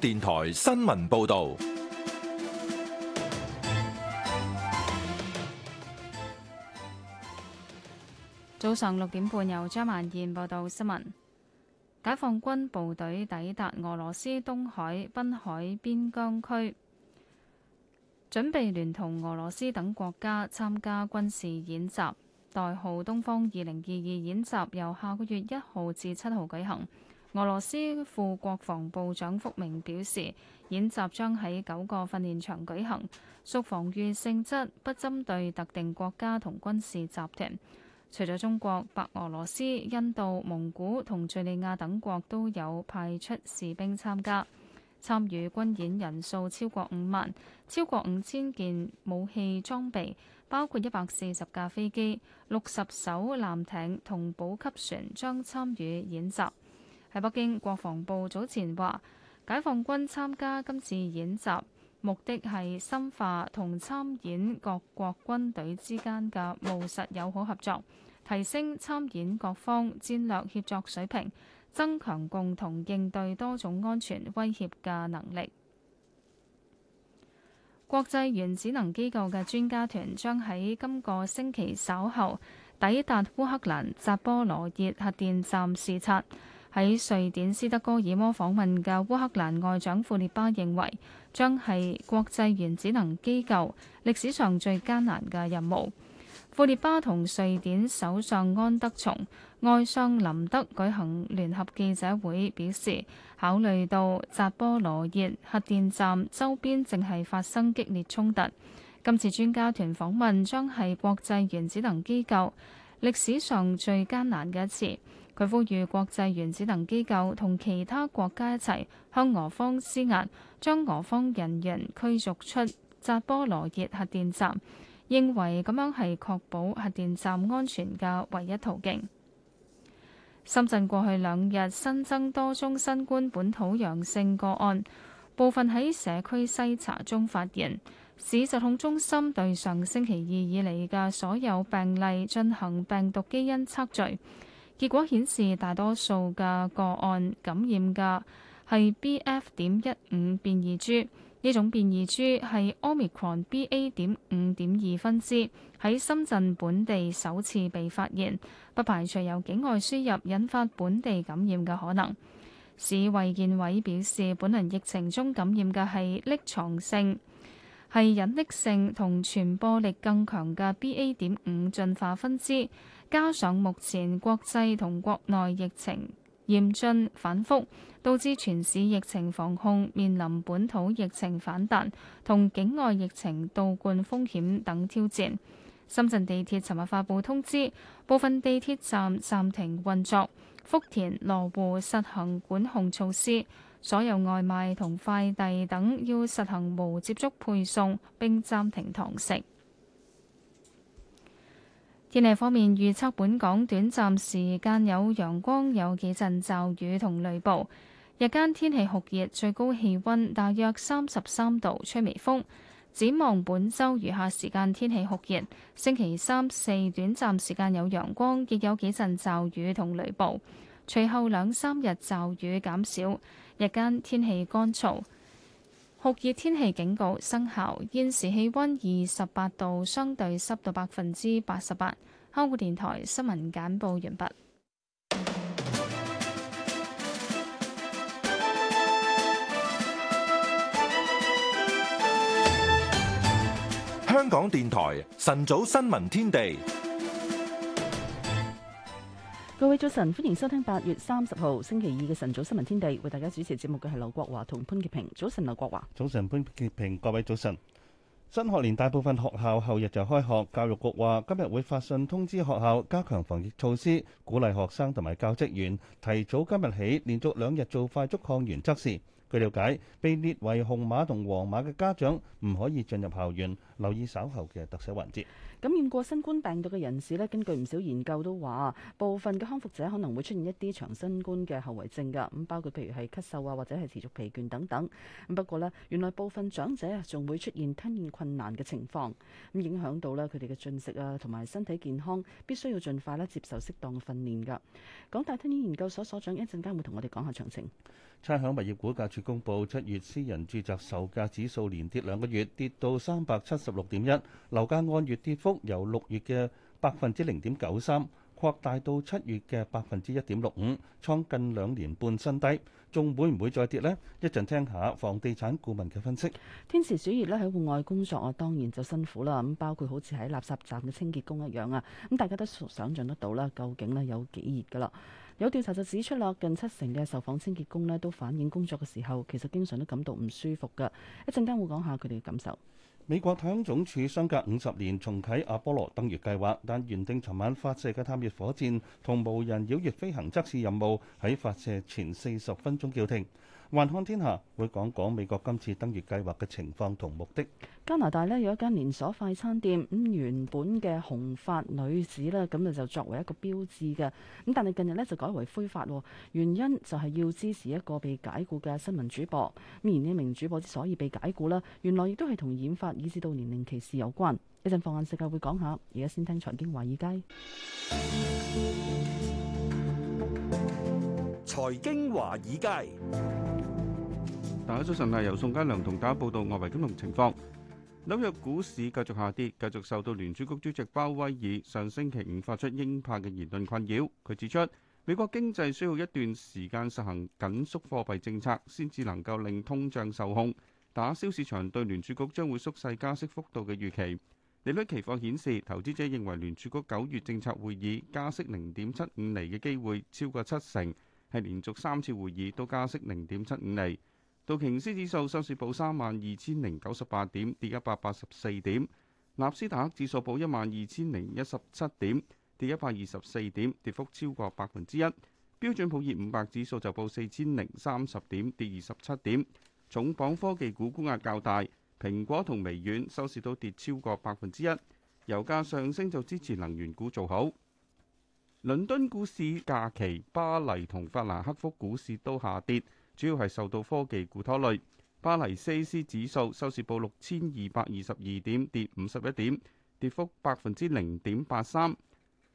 電台新聞報道：早上六點半，有張曼燕報道新聞。解放軍部隊抵達俄羅斯東海濱海邊疆區，準備聯同俄羅斯等國家參加軍事演習，代號“東方二零二二”演習，由下個月一號至七號舉行。俄羅斯副國防部長福明表示，演習將喺九個訓練場舉行，屬防禦性質，不針對特定國家同軍事集團。除咗中國、白俄羅斯、印度、蒙古同敘利亞等國都有派出士兵參加，參與軍演人數超過五萬，超過五千件武器裝備，包括一百四十架飛機、六十艘艦艇同補給船，將參與演習。喺北京，國防部早前話，解放軍參加今次演習目的係深化同參演各國軍隊之間嘅務實友好合作，提升參演各方戰略協作水平，增強共同應對多種安全威脅嘅能力。國際原子能機構嘅專家團將喺今個星期稍後抵達烏克蘭扎波羅熱核電站視察。喺瑞典斯德哥爾摩訪問嘅烏克蘭外長庫列巴認為，將係國際原子能機構歷史上最艱難嘅任務。庫列巴同瑞典首相安德松、外相林德舉行聯合記者會，表示考慮到扎波羅熱核電站周邊淨係發生激烈衝突，今次專家團訪問將係國際原子能機構歷史上最艱難嘅一次。佢呼籲國際原子能機構同其他國家一齊向俄方施壓，將俄方人員驅逐出扎波羅熱核電站，認為咁樣係確保核電站安全嘅唯一途徑。深圳過去兩日新增多宗新冠本土陽性個案，部分喺社區篩查中發現。市疾控中心對上星期二以嚟嘅所有病例進行病毒基因測序。結果顯示，大多數嘅個案感染嘅係 B.F. 點一五變異株，呢種變異株係 Omicron B.A. 點五點二分支，喺深圳本地首次被發現，不排除有境外輸入引發本地感染嘅可能。市衛健委表示，本輪疫情中感染嘅係匿藏性，係隱匿性同傳播力更強嘅 B.A. 點五進化分支。加上目前國際同國內疫情嚴峻反覆，導致全市疫情防控面臨本土疫情反彈同境外疫情倒灌風險等挑戰。深圳地鐵尋日發布通知，部分地鐵站暫停運作，福田羅湖實行管控措施，所有外賣同快遞等要實行無接觸配送，並暫停堂食。天氣方面預測，本港短暫時間有陽光，有幾陣驟雨同雷暴。日間天氣酷熱，最高氣溫大約三十三度，吹微風。展望本周餘下時間天氣酷熱，星期三、四短暫時間有陽光，亦有幾陣驟雨同雷暴。隨後兩三日驟雨減少，日間天氣乾燥。酷熱天氣警告生效，現時氣溫二十八度，相對濕度百分之八十八。香港電台新聞簡報完畢。香港電台晨早新聞天地。各位早晨，歡迎收聽八月三十號星期二嘅晨早新聞天地，為大家主持節目嘅係劉國華同潘潔平。早晨，劉國華。早晨，潘潔平。各位早晨。新學年大部分學校後日就開學，教育局話今日會發信通知學校加強防疫措施，鼓勵學生同埋教職員提早今日起連續兩日做快速抗原測試。據了解，被列為紅碼同黃碼嘅家長唔可以進入校園，留意稍後嘅特寫環節。感染過新冠病毒嘅人士呢，根據唔少研究都話，部分嘅康復者可能會出現一啲長新冠嘅後遺症㗎，咁包括譬如係咳嗽啊，或者係持續疲倦等等。咁不過呢，原來部分長者啊，仲會出現吞咽困難嘅情況，咁影響到呢佢哋嘅進食啊，同埋身體健康，必須要儘快呢接受適當嘅訓練㗎。港大吞咽研究所所長一陣間會同我哋講下詳情。差餉物業估價署公布七月私人住宅售價指數連跌兩個月，跌到三百七十六點一，樓價按月跌幅由六月嘅百分之零點九三擴大到七月嘅百分之一點六五，創近兩年半新低。仲會唔會再跌呢？一陣聽下房地產顧問嘅分析。天時暑熱咧，喺戶外工作啊，當然就辛苦啦。咁包括好似喺垃圾站嘅清潔工一樣啊，咁大家都想像得到啦，究竟咧有幾熱噶啦？有調查就指出啦，近七成嘅受訪清潔工咧都反映工作嘅時候，其實經常都感到唔舒服嘅。一陣間會講下佢哋嘅感受。美國太空總署相隔五十年重啟阿波羅登月計劃，但原定尋晚發射嘅探月火箭同無人繞月飛行測試任務喺發射前四十分鐘叫停。還看天下會講講美國今次登月計劃嘅情況同目的。加拿大咧有一間連鎖快餐店，咁原本嘅紅髮女子咧，咁就作為一個標誌嘅，咁但係近日咧就改為灰髮，原因就係要支持一個被解僱嘅新聞主播。咁而呢名主播之所以被解僱啦，原來亦都係同染髮以至到年齡歧視有關。一陣放眼世界會講下，而家先聽財經華爾街。財經華爾街。大家早晨，由宋嘉良同大家報道外圍金融情況。紐約股市繼續下跌，繼續受到聯儲局主席鮑威爾上星期五發出鷹派嘅言論困擾。佢指出，美國經濟需要一段時間實行緊縮貨幣政策，先至能夠令通脹受控，打消市場對聯儲局將會縮細加息幅度嘅預期。利率期貨顯示，投資者認為聯儲局九月政策會議加息零點七五厘嘅機會超過七成，係連續三次會議都加息零點七五厘。道瓊斯指數收市報三萬二千零九十八點，跌一百八十四點；納斯達克指數報一萬二千零一十七點，跌一百二十四點，跌幅超過百分之一。標準普爾五百指數就報四千零三十點，跌二十七點。重磅科技股沽壓較大，蘋果同微軟收市都跌超過百分之一。油價上升就支持能源股做好。倫敦股市假期，巴黎同法蘭克福股市都下跌。主要係受到科技股拖累。巴黎 CAC 指數收市報六千二百二十二點，跌五十一點，跌幅百分之零點八三。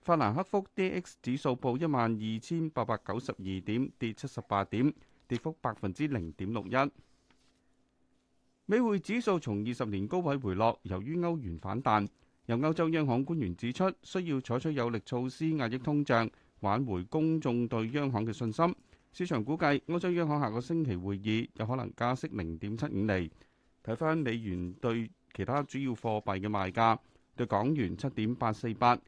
法蘭克福 DAX 指數報一萬二千八百九十二點，跌七十八點，跌幅百分之零點六一。美匯指數從二十年高位回落，由於歐元反彈。有歐洲央行官員指出，需要採取有力措施壓抑通脹，挽回公眾對央行嘅信心。市場估計，歐洲央行下個星期會議有可能加息0.75釐。睇翻美元對其他主要貨幣嘅賣價，對港元7.848，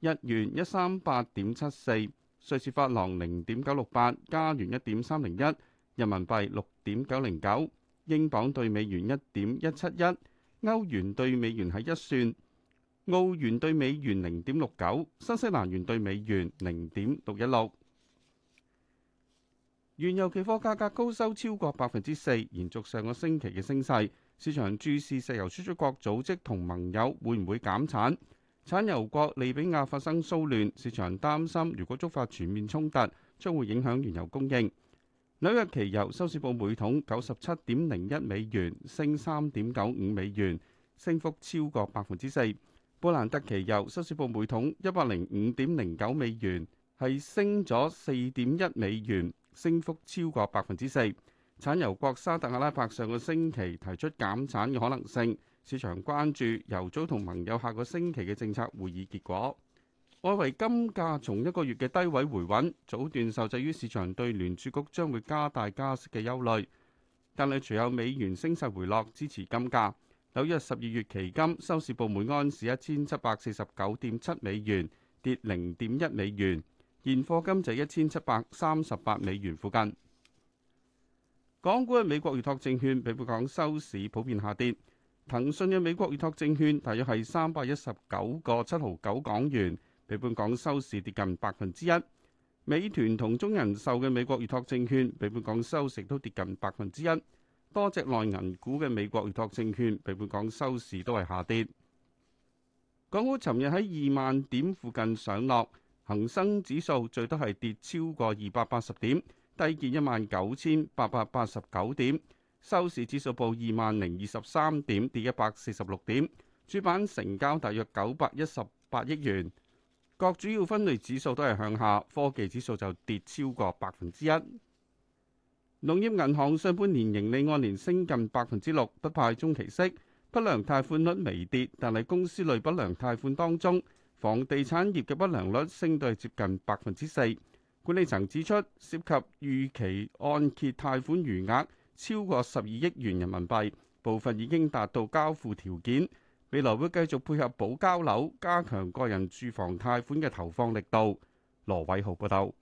日元138.74，瑞士法郎0.968，加元1.301，人民幣6.909，英鎊對美元1.171，歐元對美元係一算，澳元對美元0.69，新西蘭元對美元0.616。原油期貨價格高收超過百分之四，延續上個星期嘅升勢。市場注視石油輸出國組織同盟友會唔會減產。產油國利比亞發生騷亂，市場擔心如果觸發全面衝突，將會影響原油供應。紐約期油收市報每桶九十七點零一美元，升三點九五美元，升幅超過百分之四。布蘭特期油收市報每桶一百零五點零九美元，係升咗四點一美元。升幅超過百分之四。產油國沙特阿拉伯上個星期提出減產嘅可能性，市場關注油組同盟友下個星期嘅政策會議結果。外圍金價從一個月嘅低位回穩，早段受制於市場對聯儲局將會加大加息嘅憂慮，但係除有美元升勢回落支持金價。紐約十二月期金收市報每安士一千七百四十九點七美元，跌零點一美元。現貨金就一千七百三十八美元附近。港股嘅美國預託證券，比本港收市普遍下跌。騰訊嘅美國預託證券大約係三百一十九個七毫九港元，比本港收市跌近百分之一。美團同中人壽嘅美國預託證券，比本港收市都跌近百分之一。多隻內銀股嘅美國預託證券，比本港收市都係下跌。港股尋日喺二萬點附近上落。恒生指數最多係跌超過二百八十點，低見一萬九千八百八十九點，收市指數報二萬零二十三點，跌一百四十六點。主板成交大約九百一十八億元，各主要分類指數都係向下，科技指數就跌超過百分之一。農業銀行上半年盈利按年升近百分之六，不派中期息，不良貸款率微跌，但係公司類不良貸款當中。房地產業嘅不良率升到接近百分之四，管理層指出涉及預期按揭貸款餘額超過十二億元人民幣，部分已經達到交付條件，未來會繼續配合保交樓，加強個人住房貸款嘅投放力度。羅偉豪報道，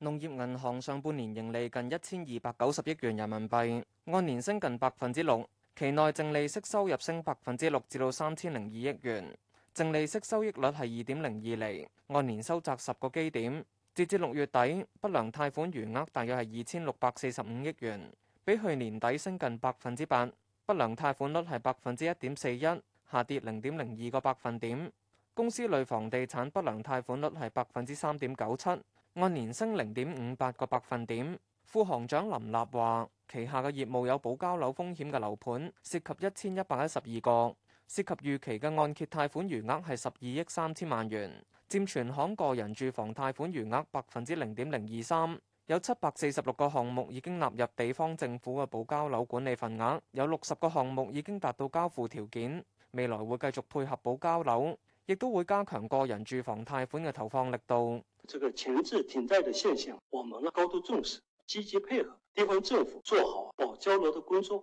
農業銀行上半年盈利近一千二百九十億元人民幣，按年升近百分之六，期內淨利息收入升百分之六至到三千零二億元。淨利息收益率係二點零二厘，按年收窄十個基點。截至六月底，不良貸款餘額額大約係二千六百四十五億元，比去年底升近百分之八。不良貸款率係百分之一點四一，下跌零點零二個百分點。公司類房地產不良貸款率係百分之三點九七，按年升零點五八個百分點。副行長林立話：旗下嘅業務有保交樓風險嘅樓盤，涉及一千一百一十二個。涉及逾期嘅按揭貸款餘額係十二億三千萬元，占全行個人住房貸款餘額百分之零點零二三。有七百四十六個項目已經納入地方政府嘅保交樓管理份額，有六十個項目已經達到交付條件。未來會繼續配合保交樓，亦都會加強個人住房貸款嘅投放力度。這個前置停貸嘅現象，我們高度重視，積極配合地方政府做好保交樓的工作。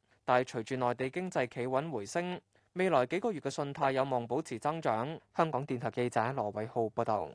但係，隨住內地經濟企穩回升，未來幾個月嘅信貸有望保持增長。香港電台記者羅偉浩報道。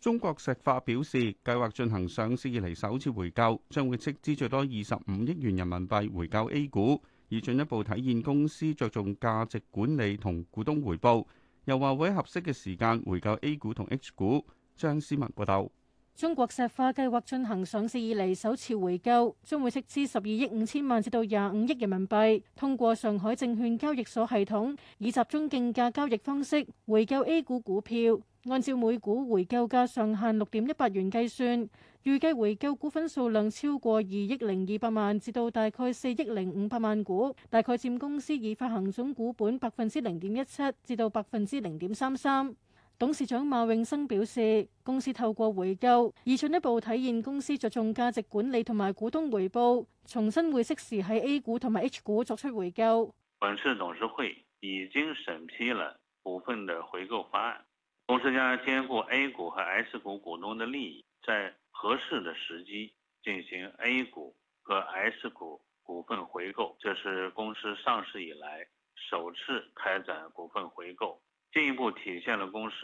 中國石化表示，計劃進行上市以嚟首次回購，將會斥資最多二十五億元人民幣回購 A 股，以進一步體現公司着重價值管理同股東回報。又話會喺合適嘅時間回購 A 股同 H 股。張思文報道。中國石化計劃進行上市以來首次回購，將會斥資十二億五千萬至到廿五億人民幣，通過上海證券交易所系統以集中競價交易方式回購 A 股股票。按照每股回購價上限六點一八元計算，預計回購股份數量超過二億零二百萬至到大概四億零五百萬股，大概佔公司已發行總股本百分之零點一七至到百分之零點三三。董事長馬永生表示，公司透過回購而進一步體現公司着重價值管理同埋股東回報，重新會適時喺 A 股同埋 H 股作出回購。本次董事會已經審批了股份的回購方案，公司將兼顧 A 股和 H 股股，股東的利益，在合適的時機進行 A 股和 H 股股份回購，這是公司上市以來首次開展股份回購。進一步體現了公司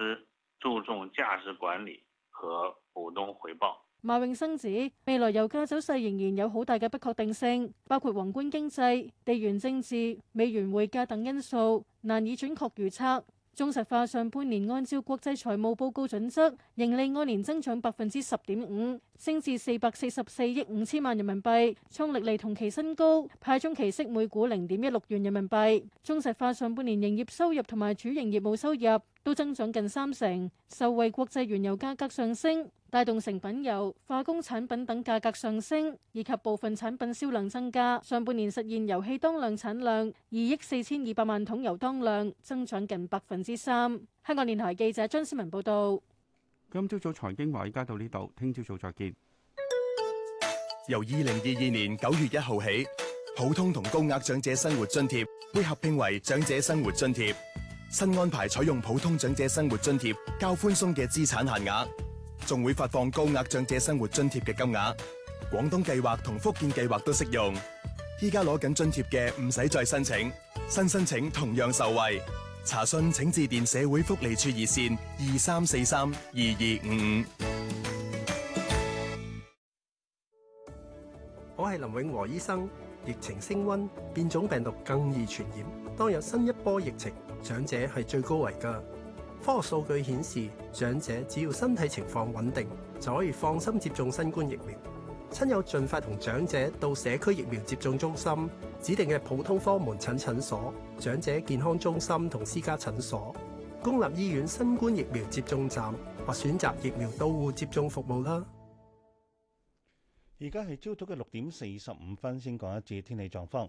注重價值管理和股東回報。馬永生指，未來油價走勢仍然有好大嘅不確定性，包括宏觀經濟、地緣政治、美元匯價等因素，難以準確預測。中石化上半年按照國際財務報告準則，盈利按年增長百分之十點五，升至四百四十四億五千萬人民幣，創歷來同期新高，派中期息每股零點一六元人民幣。中石化上半年營業收入同埋主營業務收入都增長近三成，受惠國際原油價格上升。帶動成品油、化工產品等價格上升，以及部分產品銷量增加，上半年實現油氣當量產量二億四千二百萬桶油當量，增長近百分之三。香港電台記者張思文報道。今朝早財經話宜家到呢度，聽朝早再見。由二零二二年九月一號起，普通同高額長者生活津貼會合併為長者生活津貼，新安排採用普通長者生活津貼較寬鬆嘅資產限額。仲會發放高額長者生活津貼嘅金額，廣東計劃同福建計劃都適用。依家攞緊津貼嘅唔使再申請，新申請同樣受惠。查詢請致電社會福利處熱線二三四三二二五五。我係林永和醫生，疫情升溫，變種病毒更易傳染。當有新一波疫情，長者係最高危噶。科學數據顯示，長者只要身體情況穩定，就可以放心接種新冠疫苗。親友盡快同長者到社區疫苗接種中心、指定嘅普通科門診診所、長者健康中心同私家診所、公立醫院新冠疫苗接種站或選擇疫苗到戶接種服務啦。而家係朝早嘅六點四十五分，先講一節天氣狀況。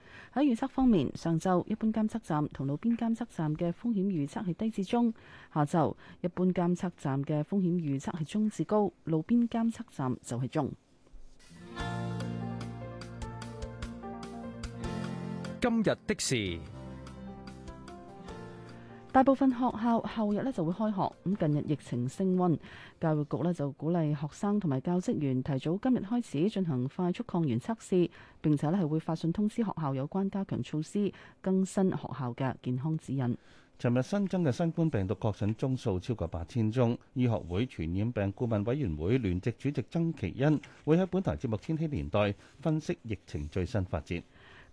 喺預測方面，上晝一般監測站同路邊監測站嘅風險預測係低至中；下晝一般監測站嘅風險預測係中至高，路邊監測站就係中。今日的事。大部分學校後日咧就會開學，咁近日疫情升溫，教育局咧就鼓勵學生同埋教職員提早今日開始進行快速抗原測試，並且咧係會發信通知學校有關加強措施，更新學校嘅健康指引。尋日新增嘅新冠病毒確診宗數超過八千宗，醫學會傳染病顧問委員會聯席主席曾祈殷會喺本台節目《千禧年代》分析疫情最新發展。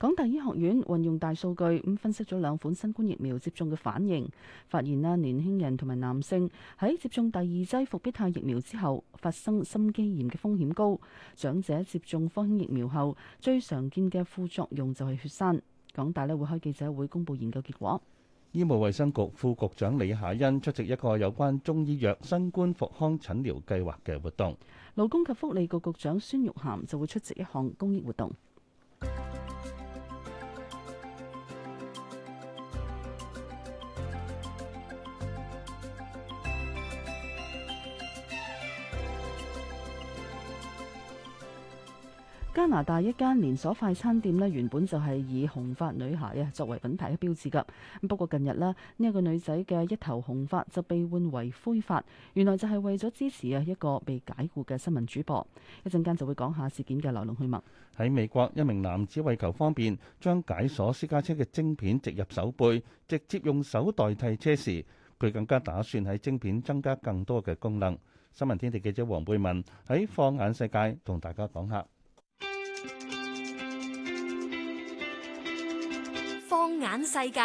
港大醫學院運用大數據咁分析咗兩款新冠疫苗接種嘅反應，發現啦年輕人同埋男性喺接種第二劑復必泰疫苗之後發生心肌炎嘅風險高，長者接種科興疫苗後最常見嘅副作用就係血栓。港大咧會開記者會公佈研究結果。醫務衛生局副局長李夏欣出席一個有關中醫藥新冠復康診療計劃嘅活動，勞工及福利局局長孫玉涵就會出席一項公益活動。加拿大一間連鎖快餐店咧，原本就係以紅髮女孩啊作為品牌嘅標誌噶。不過近日咧，呢、呢、一個女仔嘅一頭紅髮就被換為灰髮，原來就係為咗支持啊一個被解雇嘅新聞主播。一陣間就會講下事件嘅來龍去脈。喺美國，一名男子為求方便，將解鎖私家車嘅晶片植入手背，直接用手代替車匙。佢更加打算喺晶片增加更多嘅功能。新聞天地記者黃貝文喺放眼世界同大家講下。放眼世界，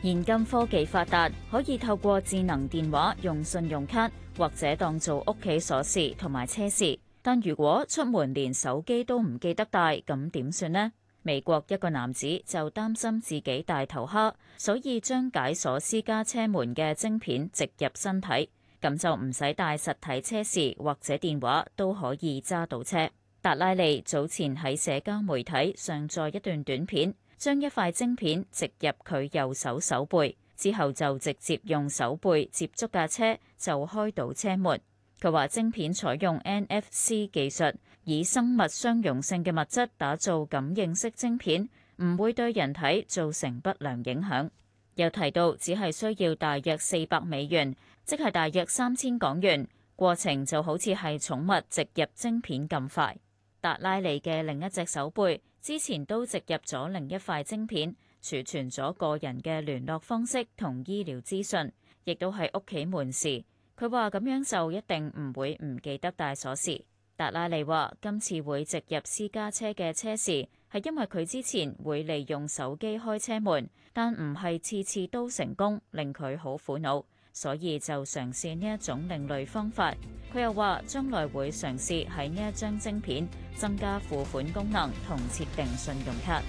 現今科技發達，可以透過智能電話用信用卡，或者當做屋企鎖匙同埋車匙。但如果出門連手機都唔記得帶，咁點算呢？美國一個男子就擔心自己大頭蝦，所以將解鎖私家車門嘅晶片植入身體，咁就唔使帶實體車匙或者電話都可以揸到車。達拉利早前喺社交媒體上載一段短片，將一塊晶片植入佢右手手背，之後就直接用手背接觸架車，就開到車門。佢話晶片採用 NFC 技術，以生物相容性嘅物質打造感應式晶片，唔會對人體造成不良影響。又提到只係需要大約四百美元，即係大約三千港元，過程就好似係寵物植入晶片咁快。達拉利嘅另一隻手背之前都植入咗另一塊晶片，儲存咗個人嘅聯絡方式同醫療資訊，亦都係屋企門匙。佢話咁樣就一定唔會唔記得帶鎖匙。達拉利話今次會植入私家車嘅車匙，係因為佢之前會利用手機開車門，但唔係次次都成功，令佢好苦惱。所以就嘗試呢一種另類方法。佢又話將來會嘗試喺呢一張晶片增加付款功能同設定信用卡。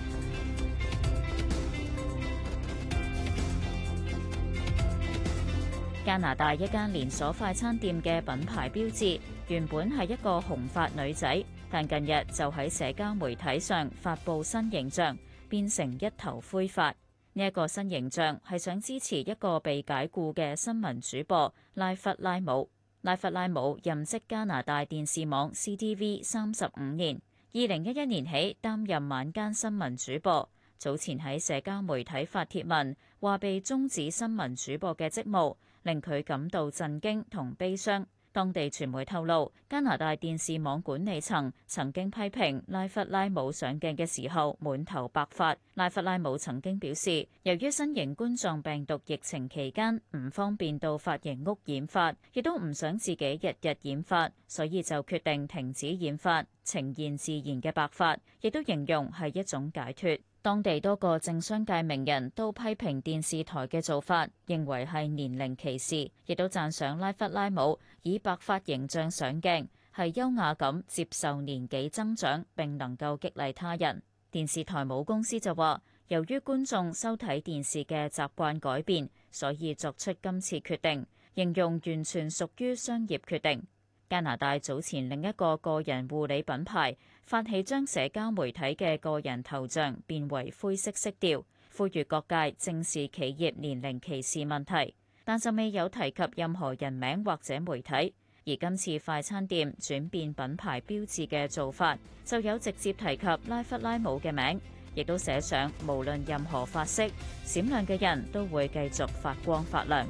加拿大一間連鎖快餐店嘅品牌標誌原本係一個紅髮女仔，但近日就喺社交媒體上發布新形象，變成一頭灰髮。呢一個新形象係想支持一個被解雇嘅新聞主播拉弗拉姆。拉弗拉姆任職加拿大電視網 CTV 三十五年，二零一一年起擔任晚間新聞主播。早前喺社交媒體發帖文話被終止新聞主播嘅職務，令佢感到震驚同悲傷。當地傳媒透露，加拿大電視網管理層曾經批評拉弗拉姆上鏡嘅時候滿頭白髮。拉弗拉姆曾經表示，由於新型冠狀病毒疫情期間唔方便到髮型屋染髮，亦都唔想自己日日染髮，所以就決定停止染髮，呈現自然嘅白髮，亦都形容係一種解脱。當地多個政商界名人都批評電視台嘅做法，認為係年齡歧視，亦都讚賞拉弗拉姆。以白髮形象上鏡，係優雅咁接受年紀增長並能夠激勵他人。電視台母公司就話，由於觀眾收睇電視嘅習慣改變，所以作出今次決定，形容完全屬於商業決定。加拿大早前另一個個人護理品牌發起將社交媒體嘅個人頭像變為灰色色調，呼籲各界正視企業年齡歧視問題。但就未有提及任何人名或者媒體，而今次快餐店轉變品牌標誌嘅做法，就有直接提及拉弗拉姆嘅名，亦都寫上無論任何髮色，閃亮嘅人都會繼續發光發亮。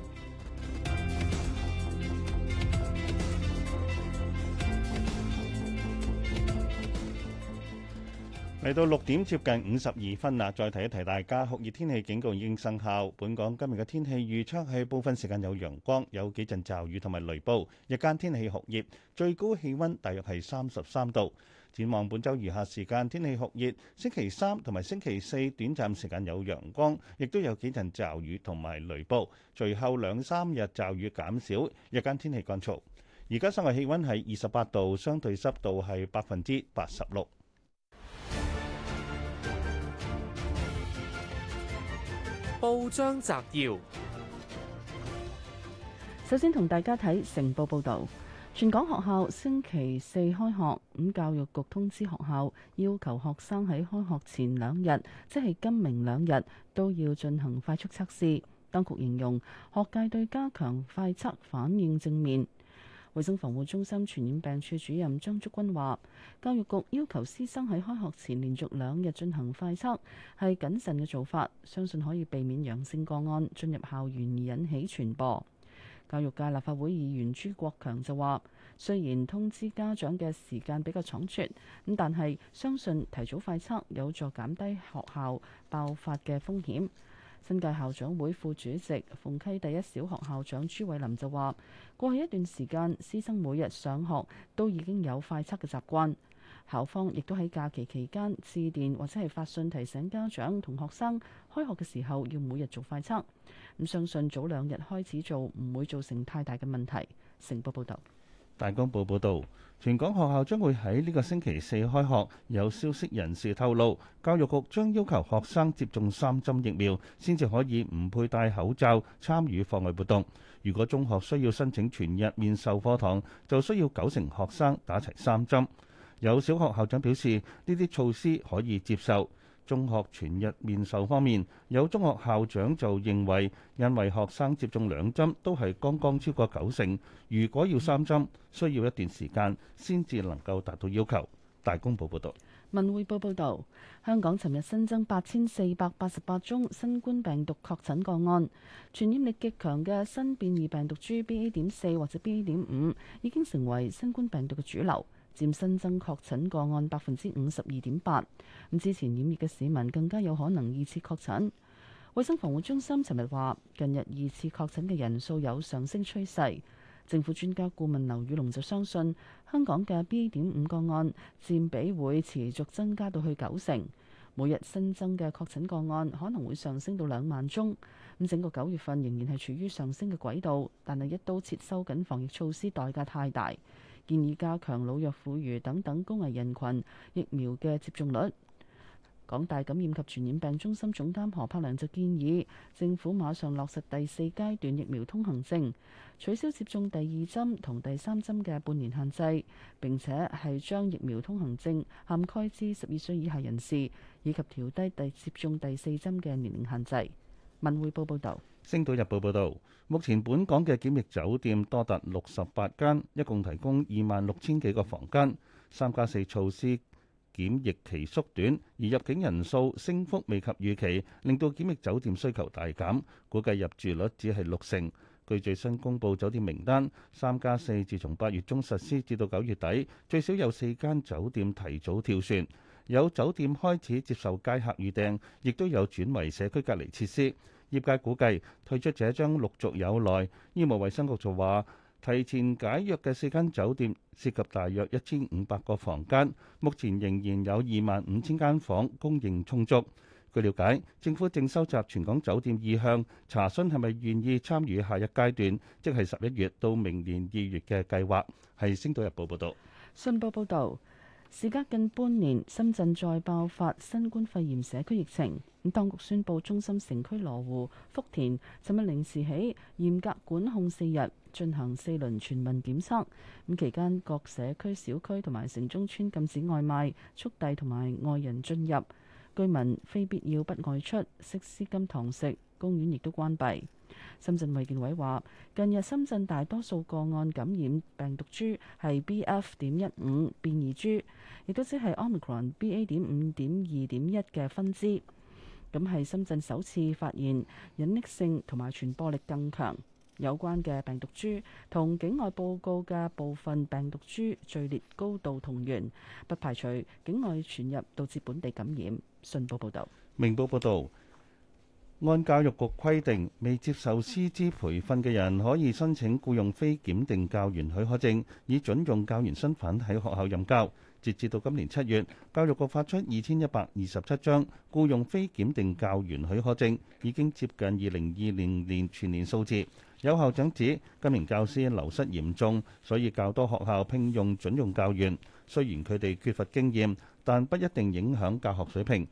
嚟到六點接近五十二分啦，再提一提大家，酷熱天氣警告已經生效。本港今日嘅天氣預測係部分時間有陽光，有幾陣驟雨同埋雷暴。日間天氣酷熱，最高氣温大約係三十三度。展望本周餘下時間，天氣酷熱，星期三同埋星期四短暫時間有陽光，亦都有幾陣驟雨同埋雷暴。隨後兩三日驟雨減少，日間天氣乾燥。而家室外氣温係二十八度，相對濕度係百分之八十六。報章摘要：首先同大家睇成報報道，全港學校星期四開學，咁教育局通知學校，要求學生喺開學前兩日，即係今明兩日都要進行快速測試。當局形容學界對加強快測反應正面。衛生防護中心傳染病處主任張竹君話，教育局要求師生喺開學前連續兩日進行快測，係謹慎嘅做法，相信可以避免陽性個案進入校園而引起傳播。教育界立法會議員朱國強就話，雖然通知家長嘅時間比較倉促，咁但係相信提早快測有助減低學校爆發嘅風險。新界校長會副主席鳳溪第一小學校長朱偉林就話：過去一段時間，師生每日上學都已經有快測嘅習慣。校方亦都喺假期期間致電或者係發信提醒家長同學生開學嘅時候要每日做快測。咁相信早兩日開始做唔會造成太大嘅問題。成報報道。大公報報導，全港學校將會喺呢個星期四開學。有消息人士透露，教育局將要求學生接種三針疫苗，先至可以唔佩戴口罩參與課外活動。如果中學需要申請全日面授課堂，就需要九成學生打齊三針。有小學校長表示，呢啲措施可以接受。中學全日面授方面，有中學校長就認為，因為學生接種兩針都係剛剛超過九成，如果要三針，需要一段時間先至能夠達到要求。大公報報導，文匯報報導，香港尋日新增八千四百八十八宗新冠病毒確診個案，傳染力極強嘅新變異病毒株 B A 點四或者 B A 點五已經成為新冠病毒嘅主流。佔新增確診個案百分之五十二點八，咁之前染疫嘅市民更加有可能二次確診。衛生防護中心尋日話，近日二次確診嘅人數有上升趨勢。政府專家顧問劉宇龍就相信，香港嘅 B 點五個案佔比會持續增加到去九成，每日新增嘅確診個案可能會上升到兩萬宗。咁整個九月份仍然係處於上升嘅軌道，但係一刀切收緊防疫措施代價太大。建議加強老弱婦孺等等高危人群疫苗嘅接種率。港大感染及傳染病中心總監何柏良就建議政府馬上落實第四階段疫苗通行證，取消接種第二針同第三針嘅半年限制，並且係將疫苗通行證涵蓋至十二歲以下人士，以及調低第接種第四針嘅年齡限制。文匯報報道。《星島日報》報導，目前本港嘅檢疫酒店多達六十八間，一共提供二萬六千幾個房間。三加四措施檢疫期縮短，而入境人數升幅未及預期，令到檢疫酒店需求大減，估計入住率只係六成。據最新公布酒店名單，三加四自從八月中實施至到九月底，最少有四間酒店提早跳船，有酒店開始接受街客預訂，亦都有轉為社區隔離設施。業界估計退出者將陸續有來，醫務衛生局就話提前解約嘅四間酒店涉及大約一千五百個房間，目前仍然有二萬五千間房供應充足。據了解，政府正收集全港酒店意向，查詢係咪願意參與下一階段，即係十一月到明年二月嘅計劃。係《星島日報》報道。新報報道。事隔近半年，深圳再爆發新冠肺炎社區疫情，當局宣布中心城區羅湖、福田，尋日零時起嚴格管控四日，進行四輪全民檢測，期間各社區小區同埋城中村禁止外賣速遞同埋外人進入，居民非必要不外出，食肆禁堂食、公園亦都關閉。深圳衛健委話，近日深圳大多數個案感染病毒株係 B. F. 點一五變異株，亦都即係 Omicron B. A. 點五點二點一嘅分支。咁係深圳首次發現，隱匿性同埋傳播力更強有關嘅病毒株，同境外報告嘅部分病毒株序列高度同源，不排除境外傳入導致本地感染。信報報道，明報報道。按教育局規定，未接受師資培訓嘅人可以申請僱用非檢定教員許可證，以準用教員身份喺學校任教。截至到今年七月，教育局發出二千一百二十七張僱用非檢定教員許可證，已經接近二零二零年全年數字。有校長指今年教師流失嚴重，所以較多學校聘用準用教員。雖然佢哋缺乏經驗，但不一定影響教學水平。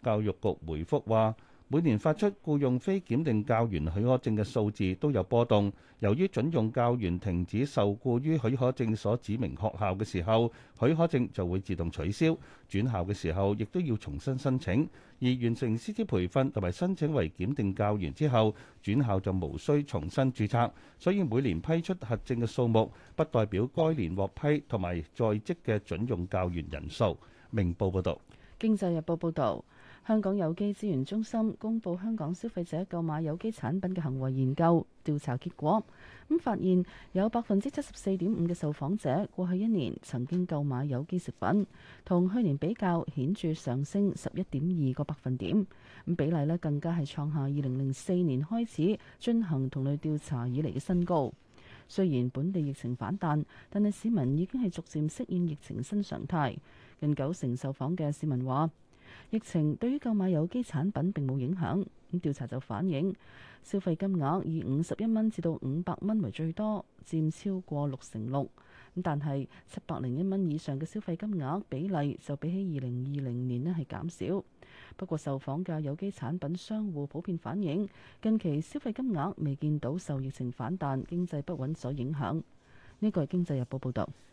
教育局回覆話。每年發出僱用非檢定教員許可證嘅數字都有波動。由於準用教員停止受僱於許可證所指明學校嘅時候，許可證就會自動取消；轉校嘅時候，亦都要重新申請。而完成師資培訓同埋申請為檢定教員之後，轉校就無需重新註冊。所以每年批出核證嘅數目，不代表該年獲批同埋在職嘅準用教員人數。明報報道。《經濟日報》報道。香港有機資源中心公布香港消費者購買有機產品嘅行為研究調查結果，咁發現有百分之七十四點五嘅受訪者過去一年曾經購買有機食品，同去年比較顯著上升十一點二個百分點，咁比例呢更加係創下二零零四年開始進行同類調查以嚟嘅新高。雖然本地疫情反彈，但係市民已經係逐漸適應疫情新常態，近九成受訪嘅市民話：疫情對於購買有機產品並冇影響，咁調查就反映消費金額以五十一蚊至到五百蚊為最多，佔超過六成六。咁但係七百零一蚊以上嘅消費金額比例就比起二零二零年咧係減少。不過受訪嘅有機產品商戶普遍反映，近期消費金額未見到受疫情反彈、經濟不穩所影響。呢、這個係《經濟日報》報導。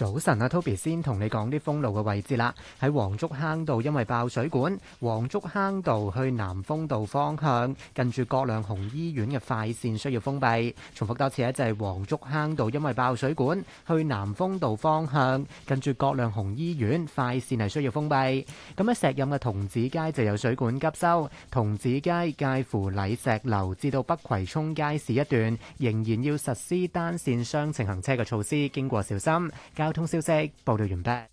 早晨啊，Toby 先同你講啲封路嘅位置啦。喺黃竹坑道因為爆水管，黃竹坑道去南風道方向，近住葛量洪醫院嘅快線需要封閉。重複多次一、啊、就係、是、黃竹坑道因為爆水管，去南風道方向，近住葛量洪醫院快線係需要封閉。咁喺石蔭嘅童子街就有水管急修，童子街介乎禮石樓至到北葵涌街市一段仍然要實施單線雙程行車嘅措施，經過小心。交交通消息報道完畢。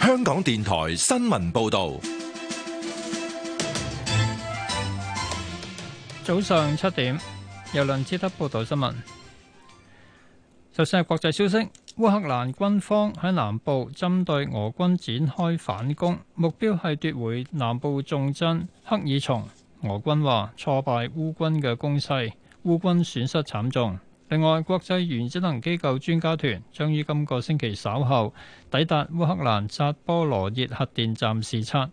香港電台新聞報道，早上七點由梁思德報道新聞。首先係國際消息。烏克蘭軍方喺南部針對俄軍展開反攻，目標係奪回南部重鎮赫爾松。俄軍話挫敗烏軍嘅攻勢，烏軍損失慘重。另外，國際原子能機構專家團將於今個星期稍後抵達烏克蘭扎波羅熱核電站視察。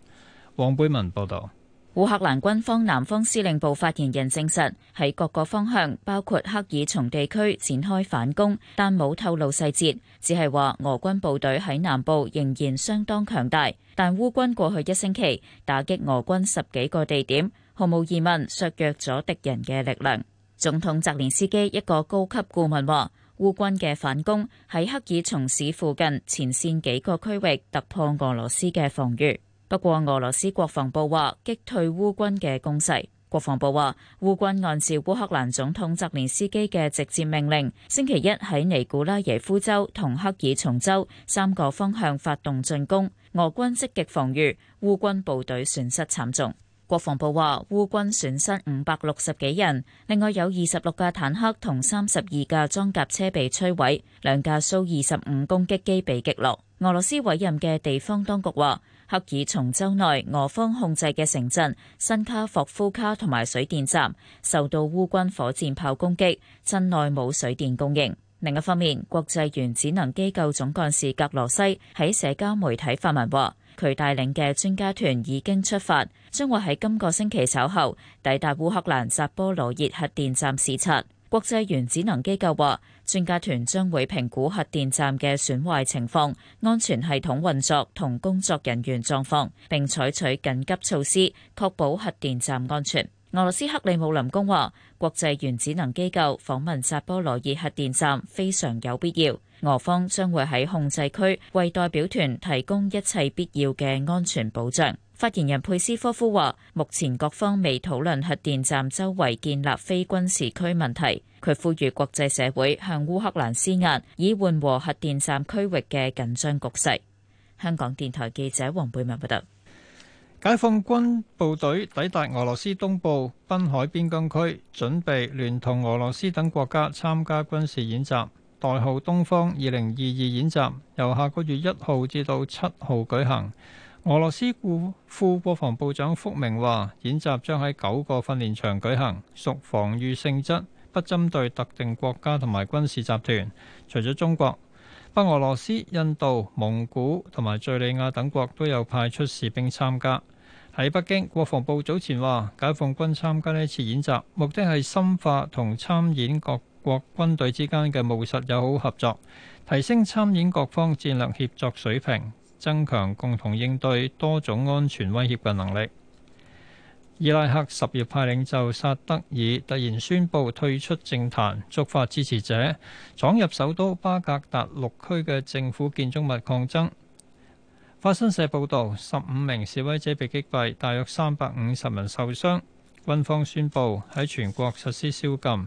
黃貝文報道。烏克蘭軍方南方司令部發言人證實，喺各個方向，包括克爾松地區展開反攻，但冇透露細節，只係話俄軍部隊喺南部仍然相當強大，但烏軍過去一星期打擊俄軍十幾個地點，毫無疑問削弱咗敵人嘅力量。總統澤連斯基一個高級顧問話，烏軍嘅反攻喺克爾松市附近前線幾個區域突破俄羅斯嘅防禦。不過，俄羅斯國防部話擊退烏軍嘅攻勢。國防部話，烏軍按照烏克蘭總統澤連斯基嘅直接命令，星期一喺尼古拉耶夫州同赫爾松州三個方向發動進攻。俄軍積極防禦，烏軍部隊損失慘重。國防部話，烏軍損失五百六十幾人，另外有二十六架坦克同三十二架裝甲車被摧毀，兩架蘇二十五攻擊機被擊落。俄羅斯委任嘅地方當局話。克爾松州內俄方控制嘅城鎮新卡霍夫卡同埋水電站受到烏軍火箭炮攻擊，鎮內冇水電供應。另一方面，國際原子能機構總幹事格羅西喺社交媒體發文話，佢帶領嘅專家團已經出發，將會喺今個星期稍後抵達烏克蘭扎波羅熱核電站視察。國際原子能機構話。專家團將會評估核電站嘅損壞情況、安全系統運作同工作人員狀況，並採取緊急措施，確保核電站安全。俄羅斯克里姆林宮話：國際原子能機構訪問扎波羅熱核電站非常有必要，俄方將會喺控制區為代表團提供一切必要嘅安全保障。發言人佩斯科夫話：目前各方未討論核電站周圍建立非軍事區問題。佢呼籲國際社會向烏克蘭施壓，以緩和核電站區域嘅緊張局勢。香港電台記者黃貝文報道。解放軍部隊抵達俄羅斯東部濱海邊疆區，準備聯同俄羅斯等國家參加軍事演習，代號「東方二零二二」演習，由下個月一號至到七號舉行。俄羅斯副副國防部長福明話：演習將喺九個訓練場舉行，屬防禦性質，不針對特定國家同埋軍事集團。除咗中國，白俄羅斯、印度、蒙古同埋敘利亞等國都有派出士兵參加。喺北京，國防部早前話，解放軍參加呢次演習，目的係深化同參演各國軍隊之間嘅務實友好合作，提升參演各方戰略協作水平。增強共同應對多種安全威脅嘅能力。伊拉克什葉派領袖薩德爾突然宣布退出政壇，觸發支持者闖入首都巴格達六區嘅政府建築物抗爭。法新社報導，十五名示威者被擊斃，大約三百五十人受傷。軍方宣布喺全國實施宵禁，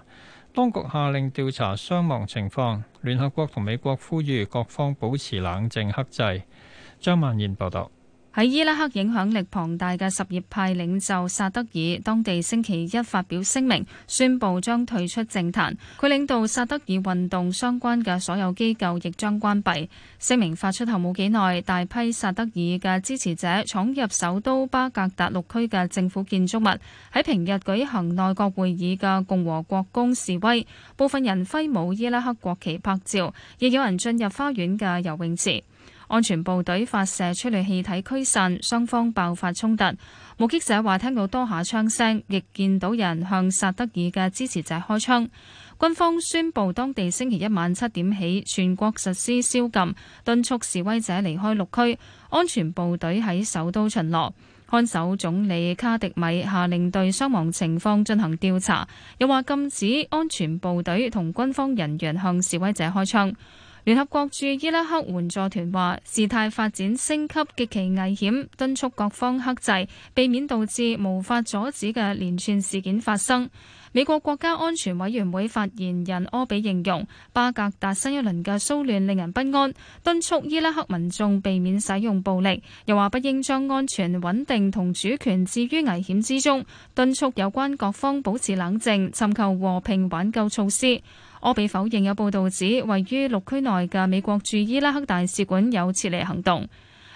當局下令調查傷亡情況。聯合國同美國呼籲各方保持冷靜克制。張曼燕報導，喺伊拉克影響力龐大嘅什葉派領袖薩德爾，當地星期一發表聲明，宣布將退出政壇。佢領導薩德爾運動相關嘅所有機構亦將關閉。聲明發出後冇幾耐，大批薩德爾嘅支持者闖入首都巴格達六區嘅政府建築物，喺平日舉行內閣會議嘅共和國宮示威，部分人揮舞伊拉克國旗拍照，亦有人進入花園嘅游泳池。安全部隊發射催淚氣體驅散，雙方爆發衝突。目擊者話聽到多下槍聲，亦見到人向薩德爾嘅支持者開槍。軍方宣布當地星期一晚七點起全國實施宵禁，敦促示威者離開綠區。安全部隊喺首都巡邏，看守總理卡迪米下令對傷亡情況進行調查，又話禁止安全部隊同軍方人員向示威者開槍。聯合國駐伊拉克援助團話：事態發展升級極其危險，敦促各方克制，避免導致無法阻止嘅連串事件發生。美國國家安全委員會發言人柯比形容巴格達新一輪嘅騷亂令人不安，敦促伊拉克民眾避免使用暴力，又話不應將安全穩定同主權置於危險之中，敦促有關各方保持冷靜，尋求和平挽救措施。我被否認有報道指，位於綠區內嘅美國駐伊拉克大使館有撤離行動。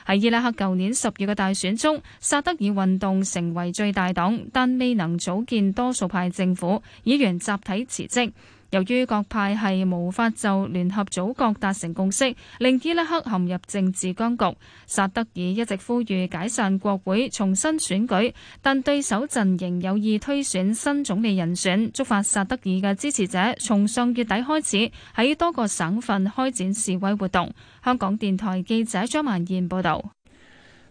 喺伊拉克舊年十月嘅大選中，薩德爾運動成為最大黨，但未能組建多數派政府，議員集體辭職。由於各派系無法就聯合組閣達成共識，令伊拉克陷入政治僵局。薩德爾一直呼籲解散國會、重新選舉，但對手陣營有意推選新總理人選，觸發薩德爾嘅支持者從上月底開始喺多個省份開展示威活動。香港電台記者張萬燕報導。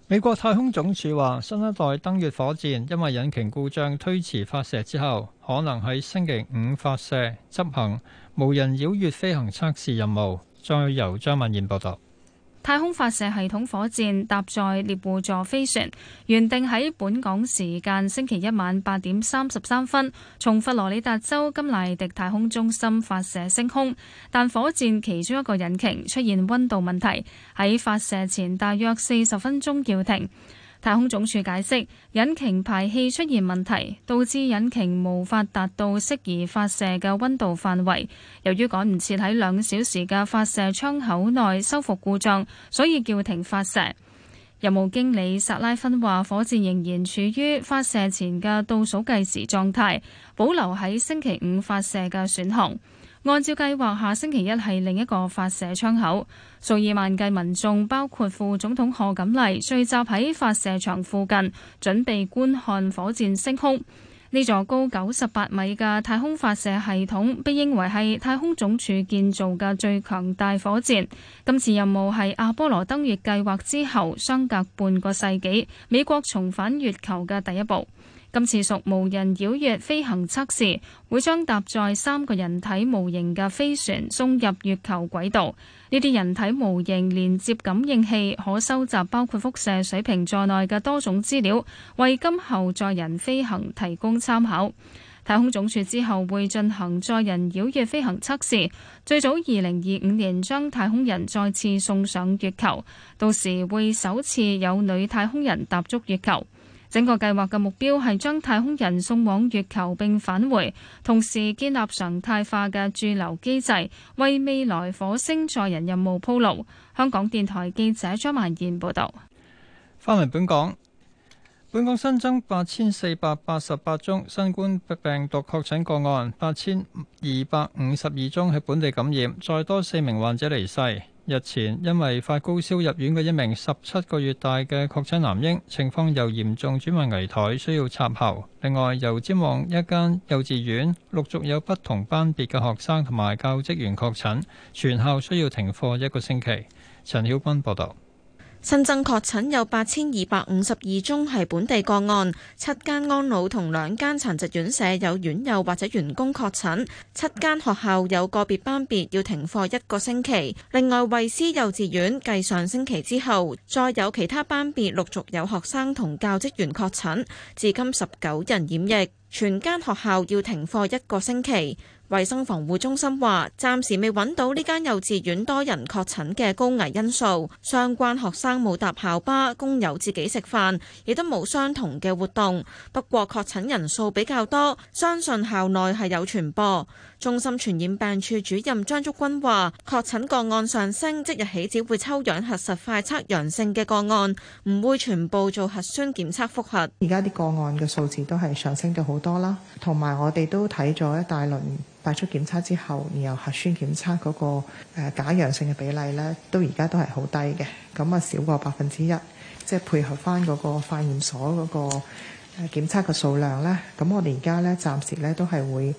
美國太空總署話，新一代登月火箭因為引擎故障推遲發射之後，可能喺星期五發射執行無人繞月飛行測試任務。再由張敏燕報道。太空發射系統火箭搭載獵戶座飛船，原定喺本港時間星期一晚八點三十三分從佛羅里達州甘迺迪太空中心發射升空，但火箭其中一個引擎出現溫度問題，喺發射前大約四十分鐘叫停。太空總署解釋，引擎排氣出現問題，導致引擎無法達到適宜發射嘅溫度範圍。由於趕唔切喺兩小時嘅發射窗口內修復故障，所以叫停發射。任務經理薩拉芬話，火箭仍然處於發射前嘅倒數計時狀態，保留喺星期五發射嘅選項。按照計劃下，下星期一係另一個發射窗口。數以萬計民眾，包括副總統賀錦麗，聚集喺發射場附近，準備觀看火箭升空。呢座高九十八米嘅太空發射系統，被認為係太空總署建造嘅最強大火箭。今次任務係阿波羅登月計劃之後相隔半個世紀，美國重返月球嘅第一步。今次屬無人繞月飛行測試，會將搭載三個人體模型嘅飛船送入月球軌道。呢啲人體模型連接感應器，可收集包括輻射水平在內嘅多種資料，為今後載人飛行提供參考。太空總署之後會進行載人繞月飛行測試，最早二零二五年將太空人再次送上月球。到時會首次有女太空人踏足月球。整個計劃嘅目標係將太空人送往月球並返回，同時建立常態化嘅駐留機制，為未來火星載人任務鋪路。香港電台記者張曼燕報道。翻嚟本港，本港新增八千四百八十八宗新冠病毒確診個案，八千二百五十二宗係本地感染，再多四名患者離世。日前，因為發高燒入院嘅一名十七個月大嘅確診男嬰，情況由嚴重轉為危殆，需要插喉。另外，由尖旺一間幼稚園，陸續有不同班別嘅學生同埋教職員確診，全校需要停課一個星期。陳曉君報導。新增確診有八千二百五十二宗，係本地個案。七間安老同兩間殘疾院舍有院友或者員工確診。七間學校有個別班別要停課一個星期。另外，惠思幼稚園繼上星期之後，再有其他班別陸續有學生同教職員確診，至今十九人染疫，全間學校要停課一個星期。衛生防護中心話，暫時未搵到呢間幼稚園多人確診嘅高危因素。相關學生冇搭校巴，工友自己食飯，亦都冇相同嘅活動。不過確診人數比較多，相信校內係有傳播。中心傳染病處主任張竹君話，確診個案上升，即日起只會抽樣核實快測陽性嘅個案，唔會全部做核酸檢測覆核。而家啲個案嘅數字都係上升咗好多啦，同埋我哋都睇咗一大輪快速檢測之後，然後核酸檢測嗰個誒假陽性嘅比例咧，都而家都係好低嘅，咁啊少過百分之一。即係，就是，配合翻嗰個化驗所嗰個誒檢測嘅數量咧，咁我哋而家咧暫時咧都係會。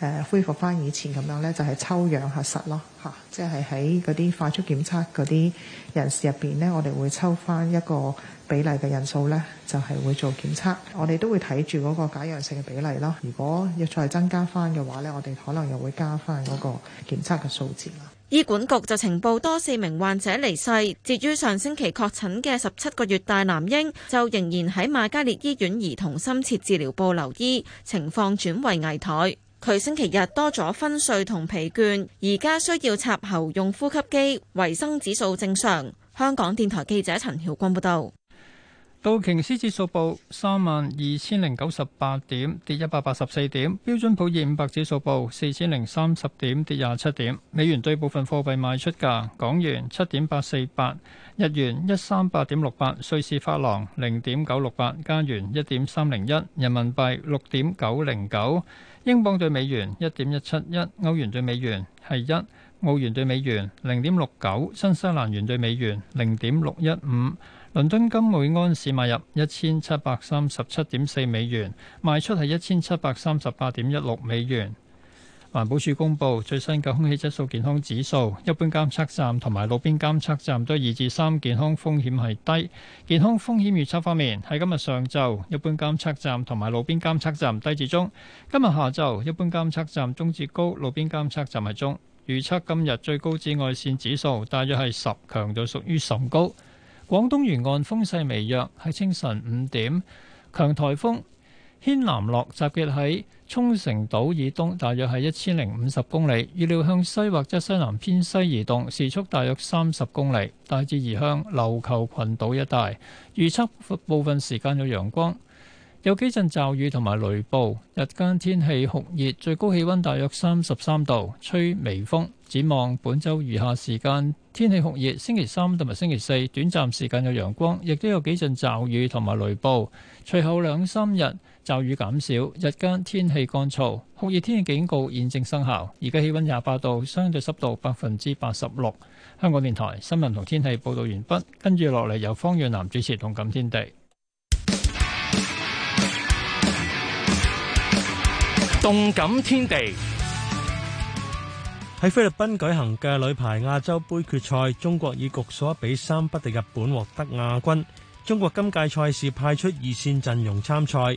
誒恢復翻以前咁樣咧，就係抽樣核實咯嚇，即係喺嗰啲快速檢測嗰啲人士入邊呢，我哋會抽翻一個比例嘅人數咧，就係會做檢測。我哋都會睇住嗰個假陽性嘅比例咯。如果要再增加翻嘅話咧，我哋可能又會加翻嗰個檢測嘅數字啦。醫管局就呈報多四名患者離世，至於上星期確診嘅十七個月大男嬰，就仍然喺瑪嘉烈醫院兒童深切治療部留醫，情況轉為危殆。佢星期日多咗分碎同疲倦，而家需要插喉用呼吸機，維生指數正常。香港電台記者陳曉光報道。道瓊斯指數報三萬二千零九十八點，跌一百八十四點。標準普爾五百指數報四千零三十點，跌廿七點。美元對部分貨幣賣出價：港元七點八四八，日元一三八點六八，瑞士法郎零點九六八，加元一點三零一，人民幣六點九零九。英鎊兌美元一點一七一，歐元兌美元係一，澳元兌美元零點六九，新西蘭元兌美元零點六一五。倫敦金每安士買入一千七百三十七點四美元，賣出係一千七百三十八點一六美元。環保署公布最新嘅空氣質素健康指數，一般監測站同埋路邊監測站都二至三，健康風險係低。健康風險預測方面，喺今日上晝，一般監測站同埋路邊監測站低至中；今日下晝，一般監測站中至高，路邊監測站係中。預測今日最高紫外線指數大約係十，強度屬於甚高。廣東沿岸風勢微弱，喺清晨五點，強颱風軒嵐諾，集結喺沖繩島以東，大約係一千零五十公里，預料向西或者西南偏西移動，時速大約三十公里，大致移向琉球群島一帶。預測部分時間有陽光，有幾陣驟雨同埋雷暴。日間天氣酷熱，最高氣溫大約三十三度，吹微風。展望本週餘下時間天氣酷熱，星期三同埋星期四短暫時間有陽光，亦都有幾陣驟雨同埋雷暴。隨後兩三日，驟雨減少，日間天氣乾燥。酷熱天氣警告現正生效。而家氣温廿八度，相對濕度百分之八十六。香港電台新聞同天氣報道完畢，跟住落嚟由方遠南主持《動感天地》。《動感天地》喺菲律賓舉行嘅女排亞洲杯決賽，中國以局數一比三不敵日本，獲得亞軍。中國今屆賽事派出二線陣容參賽。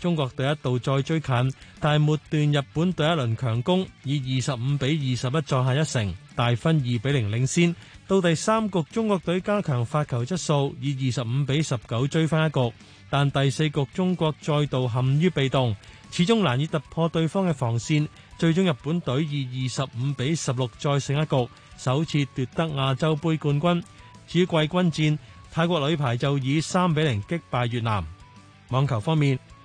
中國隊一度再追近，但係末段日本隊一輪強攻，以二十五比二十一再下一城，大分二比零領先。到第三局，中國隊加強發球質素，以二十五比十九追翻一局。但第四局，中國再度陷於被動，始終難以突破對方嘅防線。最終，日本隊以二十五比十六再勝一局，首次奪得亞洲杯冠軍。至於季軍戰，泰國女排就以三比零擊敗越南。網球方面。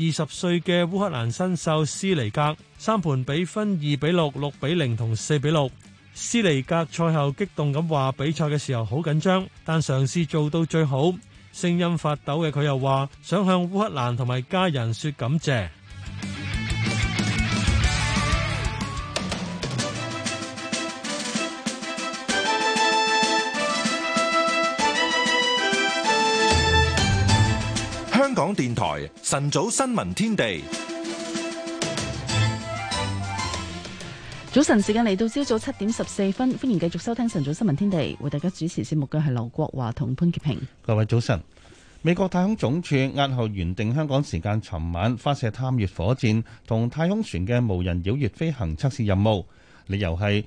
二十歲嘅烏克蘭新秀斯尼格三盤比分二比六、六比零同四比六。斯尼格賽後激動咁話：比賽嘅時候好緊張，但嘗試做到最好。聲音發抖嘅佢又話：想向烏克蘭同埋家人說感謝。港電台晨早新聞天地，早晨時間嚟到朝早七點十四分，歡迎繼續收聽晨早新聞天地，為大家主持節目嘅係劉國華同潘潔平。各位早晨！美國太空總署押後原定香港時間尋晚發射探月火箭同太空船嘅無人繞月飛行測試任務，理由係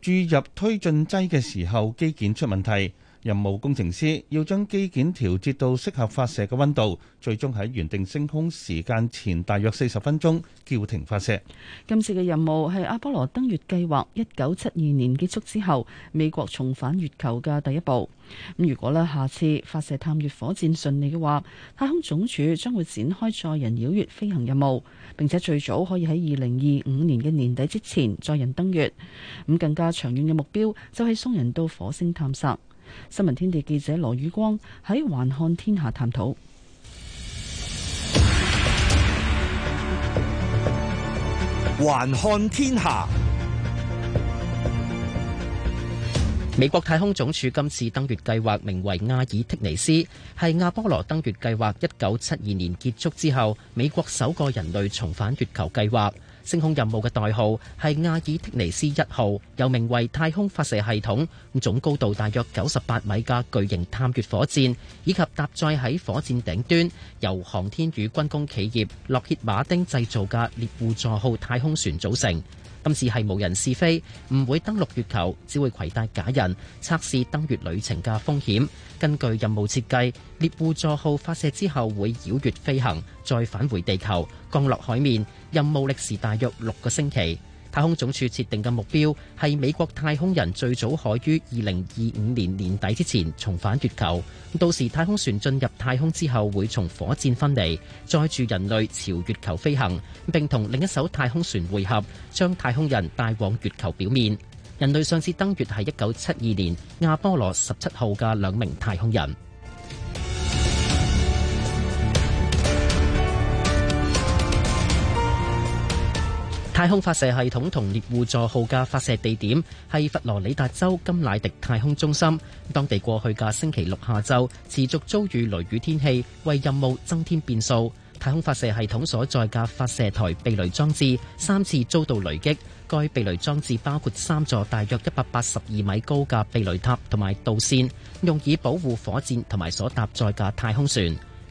注入推進劑嘅時候機件出問題。任務工程師要將機件調節到適合發射嘅溫度，最終喺原定升空時間前大約四十分鐘叫停發射。今次嘅任務係阿波羅登月計劃一九七二年結束之後，美國重返月球嘅第一步。咁如果呢下次發射探月火箭順利嘅話，太空總署將會展開載人繞月飛行任務，並且最早可以喺二零二五年嘅年底之前載人登月。咁更加長遠嘅目標就係送人到火星探索。新聞天地記者羅宇光喺環看天下探討環看天下，天下美國太空總署今次登月計劃名為阿爾忒尼斯，係阿波羅登月計劃一九七二年結束之後，美國首個人類重返月球計劃。星空任務嘅代號係阿爾忒尼斯一號，又名為太空發射系統，咁總高度大約九十八米嘅巨型探月火箭，以及搭載喺火箭頂端由航天與軍工企業洛歇馬丁製造嘅獵戶座號太空船組成。今次係無人試飛，唔會登陸月球，只會攜帶假人測試登月旅程嘅風險。根據任務設計，獵戶座號發射之後會繞月飛行，再返回地球，降落海面。任務歷時大約六個星期。太空總署設定嘅目標係美國太空人最早可於二零二五年年底之前重返月球。到時太空船進入太空之後會從火箭分離，載住人類朝月球飛行，並同另一艘太空船會合，將太空人帶往月球表面。人類上次登月係一九七二年亞波羅十七號嘅兩名太空人。太空發射系統同獵戶座號嘅發射地點係佛羅里達州金乃迪太空中心。當地過去嘅星期六下晝持續遭遇雷雨天氣，為任務增添變數。太空發射系統所在嘅發射台避雷裝置三次遭到雷擊，該避雷裝置包括三座大約一百八十二米高嘅避雷塔同埋導線，用以保護火箭同埋所搭載嘅太空船。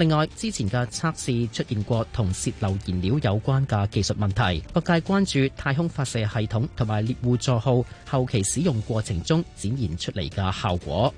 另外，之前嘅測試出現過同泄漏燃料有關嘅技術問題，各界關注太空發射系統同埋獵戶座號後期使用過程中展現出嚟嘅效果。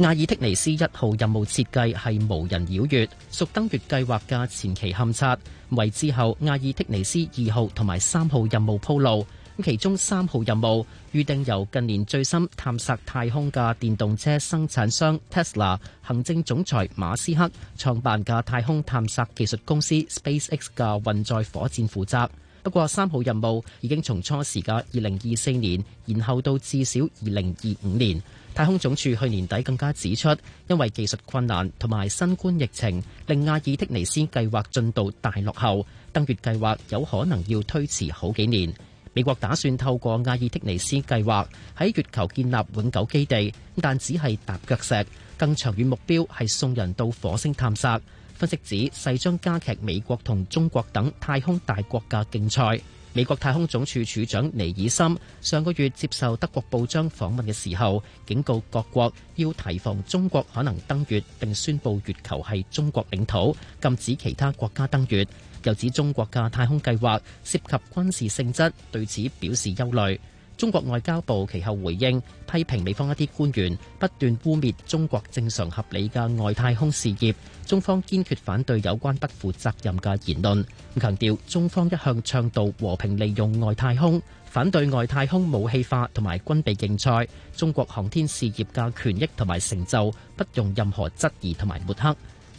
阿爾忒尼斯一號任務設計係無人繞月，屬登月計劃嘅前期勘測。為之後阿爾忒彌斯二號同埋三號任務鋪路。咁其中三號任務預定由近年最新探索太空嘅電動車生產商 Tesla 行政總裁馬斯克創辦嘅太空探索技術公司 SpaceX 嘅運載火箭負責。不過三號任務已經從初時嘅二零二四年延後到至少二零二五年。太空總署去年底更加指出，因為技術困難同埋新冠疫情，令阿爾忒尼斯計劃進度大落後，登月計劃有可能要推遲好幾年。美國打算透過阿爾忒尼斯計劃喺月球建立永久基地，但只係踏腳石。更長遠目標係送人到火星探索。分析指，勢將加劇美國同中國等太空大國嘅競賽。美國太空總署署長尼爾森上個月接受德國報章訪問嘅時候，警告各國要提防中國可能登月，並宣布月球係中國領土，禁止其他國家登月。又指中國嘅太空計劃涉及軍事性質，對此表示憂慮。中國外交部其後回應，批評美方一啲官員不斷污衊中國正常合理嘅外太空事業。中方堅決反對有關不負責任嘅言論，強調中方一向倡導和平利用外太空，反對外太空武器化同埋軍備競賽。中國航天事業嘅權益同埋成就不容任何質疑同埋抹黑。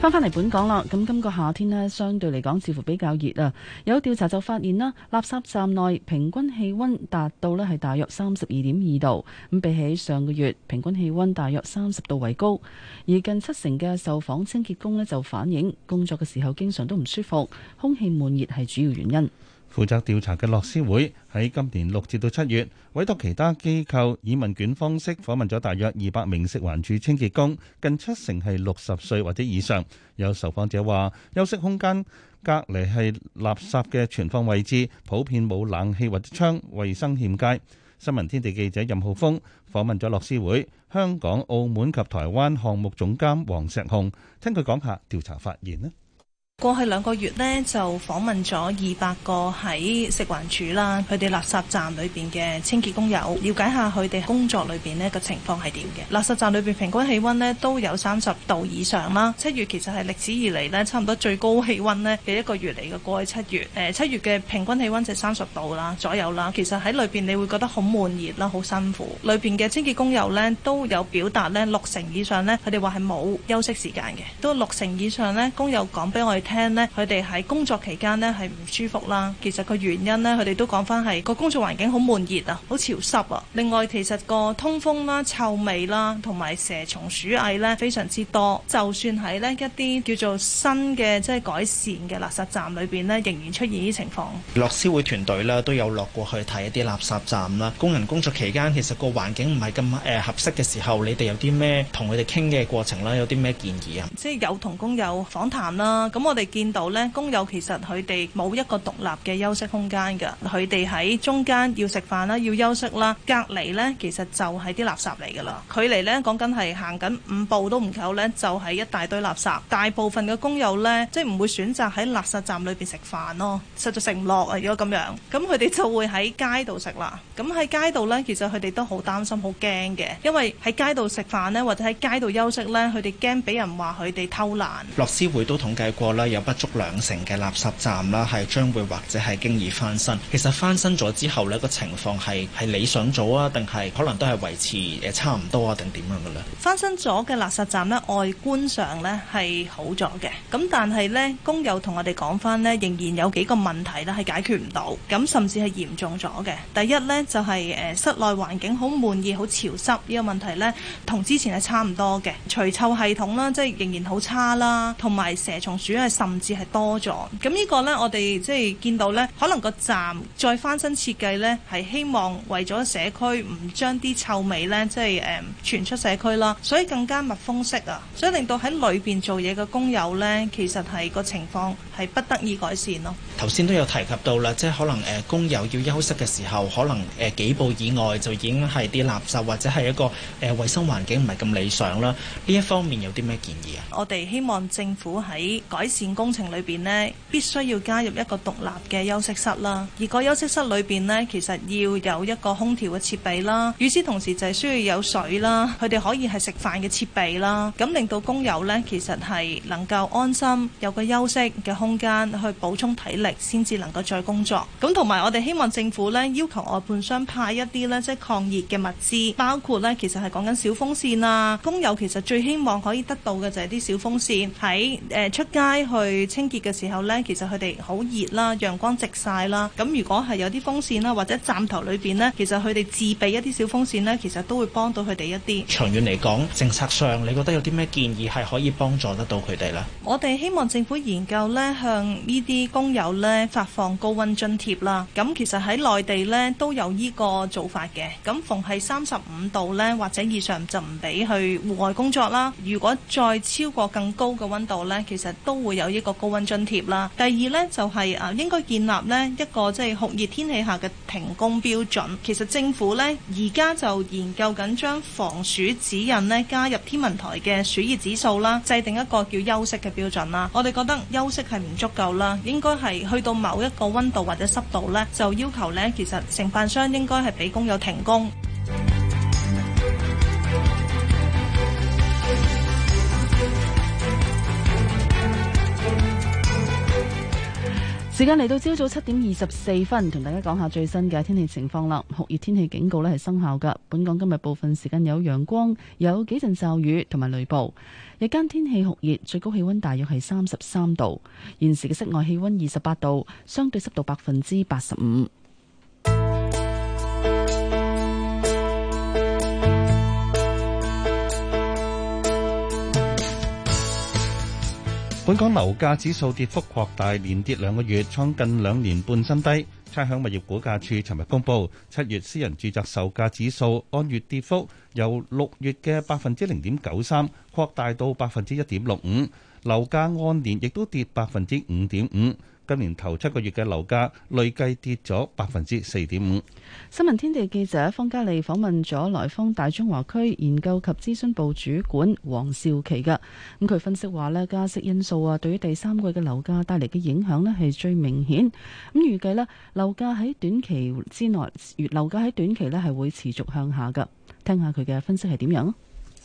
翻返嚟本港啦，咁今個夏天呢，相對嚟講似乎比較熱啊！有調查就發現啦，垃圾站內平均氣溫達到呢係大約三十二點二度，咁比起上個月平均氣溫大約三十度為高。而近七成嘅受訪清潔工呢就反映，工作嘅時候經常都唔舒服，空氣悶熱係主要原因。負責調查嘅樂施會喺今年六至到七月，委託其他機構以問卷方式訪問咗大約二百名食環署清潔工，近七成係六十歲或者以上。有受訪者話：休息空間隔離係垃圾嘅存放位置，普遍冇冷氣或者窗，衛生欠佳。新聞天地記者任浩峰訪問咗樂施會香港、澳門及台灣項目總監黃石雄，聽佢講下調查發現咧。過去兩個月咧，就訪問咗二百個喺食環署啦，佢哋垃圾站裏邊嘅清潔工友，了解下佢哋工作裏邊呢個情況係點嘅。垃圾站裏邊平均氣溫呢都有三十度以上啦。七月其實係歷史以嚟，呢，差唔多最高氣溫呢嘅一個月嚟嘅，過去七月，誒、呃、七月嘅平均氣溫就三十度啦左右啦。其實喺裏邊你會覺得好悶熱啦，好辛苦。裏邊嘅清潔工友呢都有表達呢六成以上呢，佢哋話係冇休息時間嘅，都六成以上呢，工友講俾我哋，聽咧，佢哋喺工作期間呢係唔舒服啦。其實個原因呢，佢哋都講返係個工作環境好悶熱啊，好潮濕啊。另外，其實個通風啦、臭味啦，同埋蛇蟲鼠蟻咧，非常之多。就算喺呢一啲叫做新嘅即係改善嘅垃圾站裏邊呢，仍然出現呢啲情況。樂施會團隊咧都有落過去睇一啲垃圾站啦。工人工作期間其實個環境唔係咁誒合適嘅時候，你哋有啲咩同佢哋傾嘅過程啦？有啲咩建議啊？即係有同工友訪談啦。咁我我哋見到呢工友其實佢哋冇一個獨立嘅休息空間㗎，佢哋喺中間要食飯啦，要休息啦，隔離呢其實就係啲垃圾嚟㗎啦。距離呢講緊係行緊五步都唔夠呢，就係一大堆垃圾。大部分嘅工友呢，即係唔會選擇喺垃圾站裏邊食飯咯，實在食唔落啊！如果咁樣，咁佢哋就會喺街度食啦。咁喺街度呢，其實佢哋都好擔心、好驚嘅，因為喺街度食飯呢，或者喺街度休息呢，佢哋驚俾人話佢哋偷懶。樂施會都統計過啦。有不足兩成嘅垃圾站啦，係將會或者係經已翻新。其實翻新咗之後呢，個情況係係理想咗啊，定係可能都係維持誒差唔多啊，定點樣嘅咧？翻新咗嘅垃圾站呢，外觀上呢係好咗嘅。咁但係呢，工友同我哋講翻呢，仍然有幾個問題呢係解決唔到。咁甚至係嚴重咗嘅。第一呢，就係誒室內環境好悶熱、好潮濕呢個問題呢，同之前係差唔多嘅。除臭系統啦，即係仍然好差啦，同埋蛇蟲鼠蟻。甚至係多咗，咁呢個咧，我哋即係見到咧，可能個站再翻新設計咧，係希望為咗社區唔將啲臭味咧，即係誒傳出社區啦，所以更加密封式啊，所以令到喺裏邊做嘢嘅工友咧，其實係、這個情況係不得已改善咯。頭先都有提及到啦，即係可能誒工友要休息嘅時候，可能誒幾步以外就已經係啲垃圾或者係一個誒衛生環境唔係咁理想啦。呢一方面有啲咩建議啊？我哋希望政府喺改善。工程裏邊咧，必須要加入一個獨立嘅休息室啦。而個休息室裏邊咧，其實要有一個空調嘅設備啦。與此同時就係需要有水啦，佢哋可以係食飯嘅設備啦。咁令到工友呢，其實係能夠安心有個休息嘅空間去補充體力，先至能夠再工作。咁同埋我哋希望政府咧要求外判商派一啲呢，即係抗熱嘅物資，包括呢，其實係講緊小風扇啊。工友其實最希望可以得到嘅就係啲小風扇喺誒、呃、出街。去清潔嘅時候呢，其實佢哋好熱啦，陽光直晒啦。咁如果係有啲風扇啦，或者站頭裏邊呢，其實佢哋自備一啲小風扇呢，其實都會幫到佢哋一啲。長遠嚟講，政策上你覺得有啲咩建議係可以幫助得到佢哋呢？我哋希望政府研究呢，向呢啲工友呢發放高温津貼啦。咁其實喺內地呢，都有呢個做法嘅。咁逢係三十五度呢，或者以上就唔俾去戶外工作啦。如果再超過更高嘅温度呢，其實都會。有一個高温津貼啦。第二呢，就係啊，應該建立咧一個即係酷熱天氣下嘅停工標準。其實政府呢，而家就研究緊將防暑指引咧加入天文台嘅暑熱指數啦，制定一個叫休息嘅標準啦。我哋覺得休息係唔足夠啦，應該係去到某一個溫度或者濕度呢，就要求呢，其實承辦商應該係俾工友停工。時間嚟到朝早七點二十四分，同大家講下最新嘅天氣情況啦。酷熱天氣警告呢係生效噶。本港今日部分時間有陽光，有幾陣驟雨同埋雷暴。日間天氣酷熱，最高氣溫大約係三十三度。現時嘅室外氣溫二十八度，相對濕度百分之八十五。本港樓價指數跌幅擴大，連跌兩個月，創近兩年半新低。差餉物業估價署尋日公布，七月私人住宅售價指數按月跌幅由六月嘅百分之零點九三擴大到百分之一點六五，樓價按年亦都跌百分之五點五。今年頭七個月嘅樓價累計跌咗百分之四點五。新聞天地記者方嘉麗訪問咗來方大中華區研究及咨詢部主管王兆琪。嘅咁，佢分析話咧，加息因素啊，對於第三季嘅樓價帶嚟嘅影響咧係最明顯咁。預計咧樓價喺短期之內，樓價喺短期咧係會持續向下嘅。聽下佢嘅分析係點樣？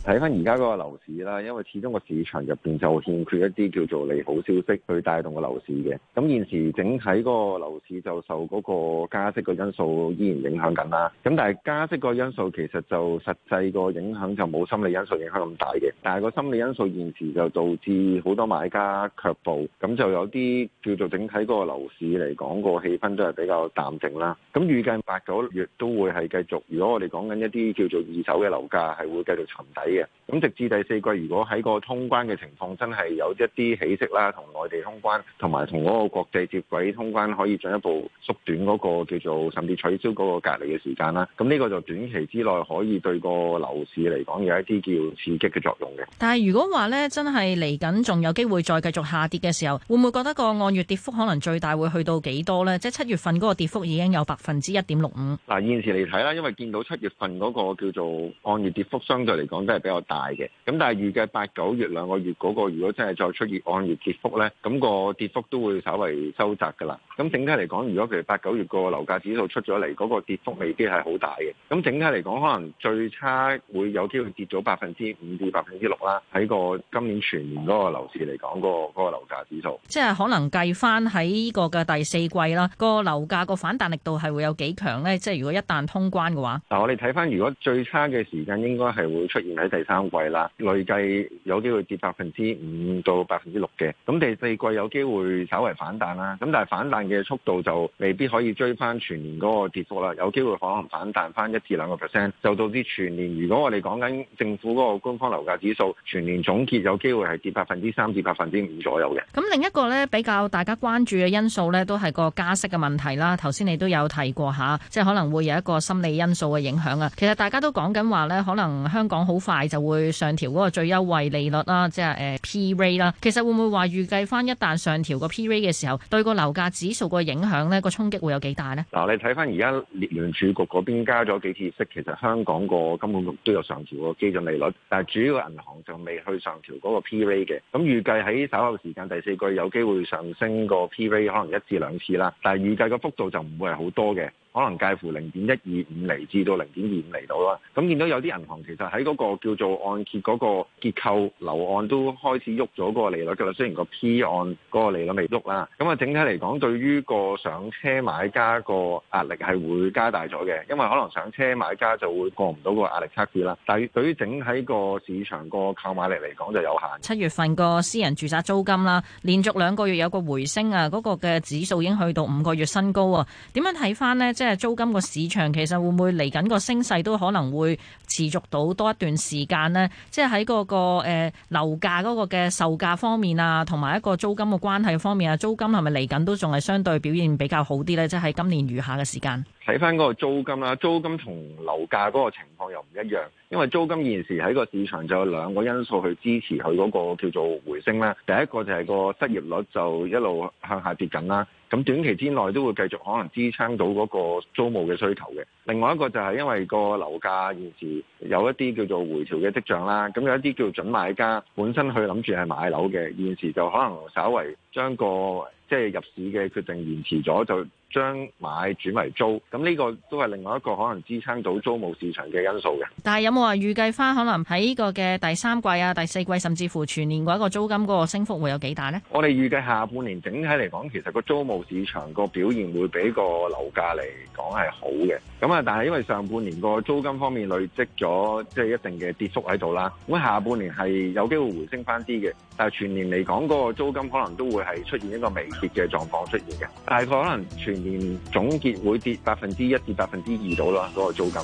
睇翻而家嗰個樓市啦，因為始終個市場入邊就欠缺一啲叫做利好消息去帶動個樓市嘅。咁現時整體個樓市就受嗰個加息個因素依然影響緊啦。咁但係加息個因素其實就實際個影響就冇心理因素影響咁大嘅。但係個心理因素現時就導致好多買家卻步，咁就有啲叫做整體個樓市嚟講個氣氛都係比較淡靜啦。咁預計八九月都會係繼續。如果我哋講緊一啲叫做二手嘅樓價係會繼續沉底。咁直至第四季，如果喺個通關嘅情況真係有一啲起色啦，同內地通關同埋同嗰個國際接軌通關可以進一步縮短嗰個叫做甚至取消嗰個隔離嘅時間啦。咁呢個就短期之內可以對個樓市嚟講有一啲叫刺激嘅作用嘅。但係如果話咧，真係嚟緊仲有機會再繼續下跌嘅時候，會唔會覺得個按月跌幅可能最大會去到幾多咧？即係七月份嗰個跌幅已經有百分之一點六五。嗱，現時嚟睇啦，因為見到七月份嗰個叫做按月跌幅，相對嚟講都係。比較大嘅，咁但係預計八九月兩個月嗰個，如果真係再出現按月跌幅咧，咁個跌幅都會稍為收窄噶啦。咁整體嚟講，如果譬如八九月個樓價指數出咗嚟，嗰個跌幅未必係好大嘅。咁整體嚟講，可能最差會有機會跌咗百分之五至百分之六啦。喺個今年全年嗰個樓市嚟講，嗰個嗰個樓價指數，即係可能計翻喺呢個嘅第四季啦，個樓價個反彈力度係會有幾強咧？即係如果一旦通關嘅話，嗱，我哋睇翻，如果最差嘅時間應該係會出現喺。第三季啦，累計有機會跌百分之五到百分之六嘅，咁第四季有機會稍為反彈啦，咁但係反彈嘅速度就未必可以追翻全年嗰個跌幅啦，有機會可能反彈翻一至兩個 percent，就到啲全年。如果我哋講緊政府嗰個官方樓價指數全年總結，有機會係跌百分之三至百分之五左右嘅。咁另一個咧，比較大家關注嘅因素咧，都係個加息嘅問題啦。頭先你都有提過嚇，即係可能會有一個心理因素嘅影響啊。其實大家都講緊話咧，可能香港好快。就會上調嗰個最優惠利率啦，即係誒 P rate 啦。其實會唔會話預計翻一旦上調個 P rate 嘅時候，對個樓價指數個影響咧，個衝擊會有幾大咧？嗱，你睇翻而家聯聯儲局嗰邊加咗幾次息，其實香港個金管局都有上調個基準利率，但係主要銀行就未去上調嗰個 P rate 嘅。咁預計喺稍後時間第四季有機會上升個 P rate，可能一至兩次啦。但係預計個幅度就唔會係好多嘅。可能介乎零點一二五厘至到零點二五厘到啦。咁見到有啲銀行其實喺嗰個叫做按揭嗰個結構樓按都開始喐咗嗰個利率嘅啦。雖然個 P 按嗰個利率未喐啦。咁啊，整體嚟講，對於個上車買家個壓力係會加大咗嘅，因為可能上車買家就會過唔到嗰個壓力測試啦。但係對於整體個市場個購買力嚟講就有限。七月份個私人住宅租金啦，連續兩個月有個回升啊，嗰、那個嘅指數已經去到五個月新高喎。點樣睇翻呢？即係租金個市場，其實會唔會嚟緊個升勢都可能會持續到多一段時間呢？即係喺嗰個誒樓價嗰個嘅售價方面啊，同埋一個租金嘅關係方面啊，租金係咪嚟緊都仲係相對表現比較好啲呢？即係今年餘下嘅時間。睇翻嗰個租金啦，租金同樓價嗰個情況又唔一樣，因為租金現時喺個市場就有兩個因素去支持佢嗰個叫做回升啦。第一個就係個失業率就一路向下跌緊啦，咁短期之內都會繼續可能支撐到嗰個租務嘅需求嘅。另外一個就係因為個樓價現時有一啲叫做回調嘅跡象啦，咁有一啲叫做準買家本身佢諗住係買樓嘅，現時就可能稍微將個。即係入市嘅決定延遲咗，就將買轉為租，咁呢個都係另外一個可能支撐到租務市場嘅因素嘅。但係有冇話預計翻可能喺呢個嘅第三季啊、第四季，甚至乎全年嗰個租金嗰個升幅會有幾大呢？我哋預計下半年整體嚟講，其實個租務市場個表現會比個樓價嚟講係好嘅。咁啊，但係因為上半年個租金方面累積咗即係一定嘅跌幅喺度啦，咁下半年係有機會回升翻啲嘅。但係全年嚟講，嗰個租金可能都會係出現一個微。跌嘅狀況出現嘅，大概可能全年總結會跌百分之一至百分之二度啦，嗰個租金。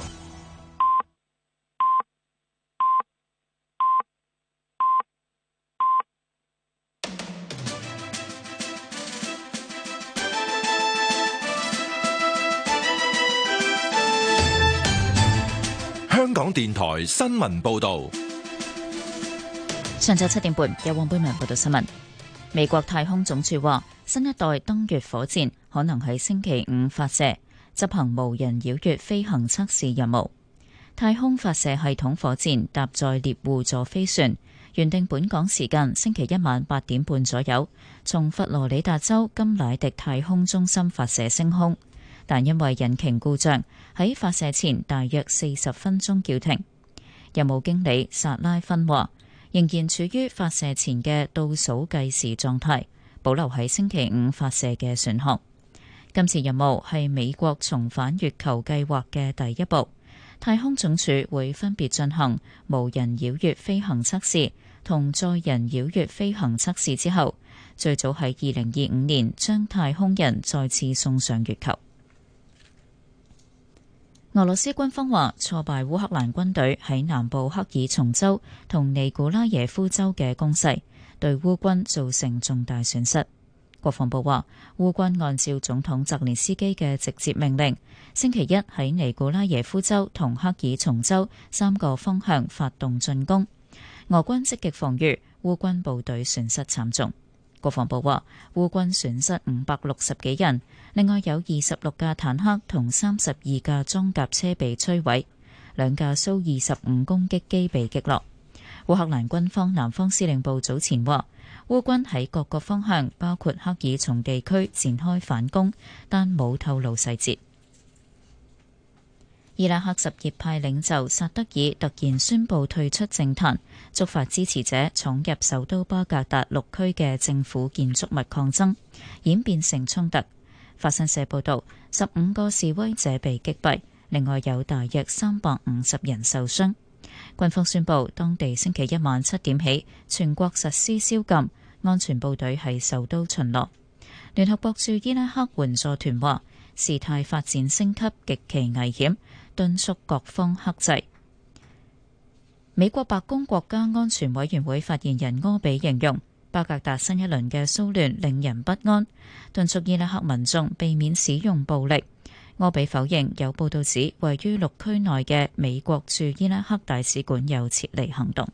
香港電台新聞報導，上晝七點半，有黃貝文報道新聞。美國太空總署話，新一代登月火箭可能喺星期五發射，執行無人繞月飛行測試任務。太空發射系統火箭搭載獵戶座飛船，原定本港時間星期一晚八點半左右，從佛羅里達州金乃迪太空中心發射升空，但因為引擎故障，喺發射前大約四十分鐘叫停。任務經理薩拉芬話。仍然處於發射前嘅倒數計時狀態，保留喺星期五發射嘅選項。今次任務係美國重返月球計劃嘅第一步。太空總署會分別進行無人繞月飛行測試同載人繞月飛行測試之後，最早係二零二五年將太空人再次送上月球。俄羅斯軍方話挫敗烏克蘭軍隊喺南部克爾松州同尼古拉耶夫州嘅攻勢，對烏軍造成重大損失。國防部話，烏軍按照總統澤連斯基嘅直接命令，星期一喺尼古拉耶夫州同克爾松州三個方向發動進攻，俄軍積極防禦，烏軍部隊損失慘重。國防部話，烏軍損失五百六十幾人。另外有二十六架坦克同三十二架裝甲車被摧毀，兩架蘇二十五攻擊機被擊落。烏克蘭軍方南方司令部早前話，烏軍喺各個方向，包括克爾松地區展開反攻，但冇透露細節。伊拉克什葉派領袖薩德，薩德爾突然宣布退出政壇，觸發支持者闖入首都巴格達六區嘅政府建築物抗爭，演變成衝突。法新社報導，十五個示威者被擊斃，另外有大約三百五十人受傷。軍方宣布，當地星期一晚七點起全國實施宵禁，安全部隊喺首都巡邏。聯合國駐伊拉克援助團話，事態發展升級極其危險，敦促各方克制。美國白宮國家安全委員會發言人柯比形容，巴格達新一輪嘅騷亂令人不安，敦促伊拉克民眾避免使用暴力。阿比否認有報道指位於綠區內嘅美國駐伊拉克大使館有撤離行動。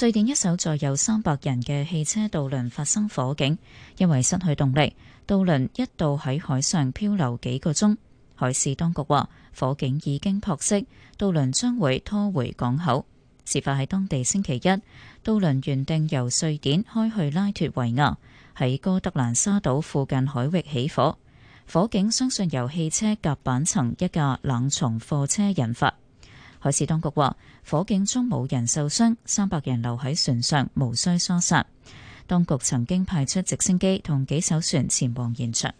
瑞典一艘載有三百人嘅汽車渡輪發生火警，因為失去動力，渡輪一度喺海上漂流幾個鐘。海事當局話火警已經撲熄，渡輪將會拖回港口。事發喺當地星期一，渡輪原定由瑞典開去拉脫維亞，喺哥德蘭沙島附近海域起火。火警相信由汽車甲板層一架冷藏貨車引發。海事當局話，火警中冇人受傷，三百人留喺船上，無需疏散。當局曾經派出直升機同幾艘船前往現場。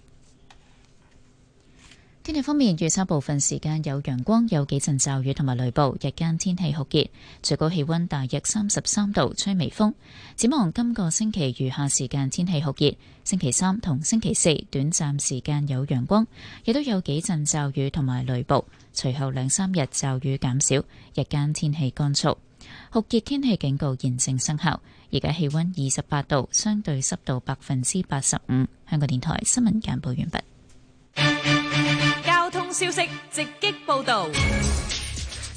天氣方面，預測部分時間有陽光，有幾陣驟雨同埋雷暴，日間天氣酷熱，最高氣溫大約三十三度，吹微風。展望今個星期餘下時間天氣酷熱，星期三同星期四短暫時間有陽光，亦都有幾陣驟雨同埋雷暴，隨後兩三日驟雨減少，日間天氣乾燥。酷熱天氣警告現正生效，而家氣溫二十八度，相對濕度百分之八十五。香港電台新聞簡報完畢。交通消息直擊報道。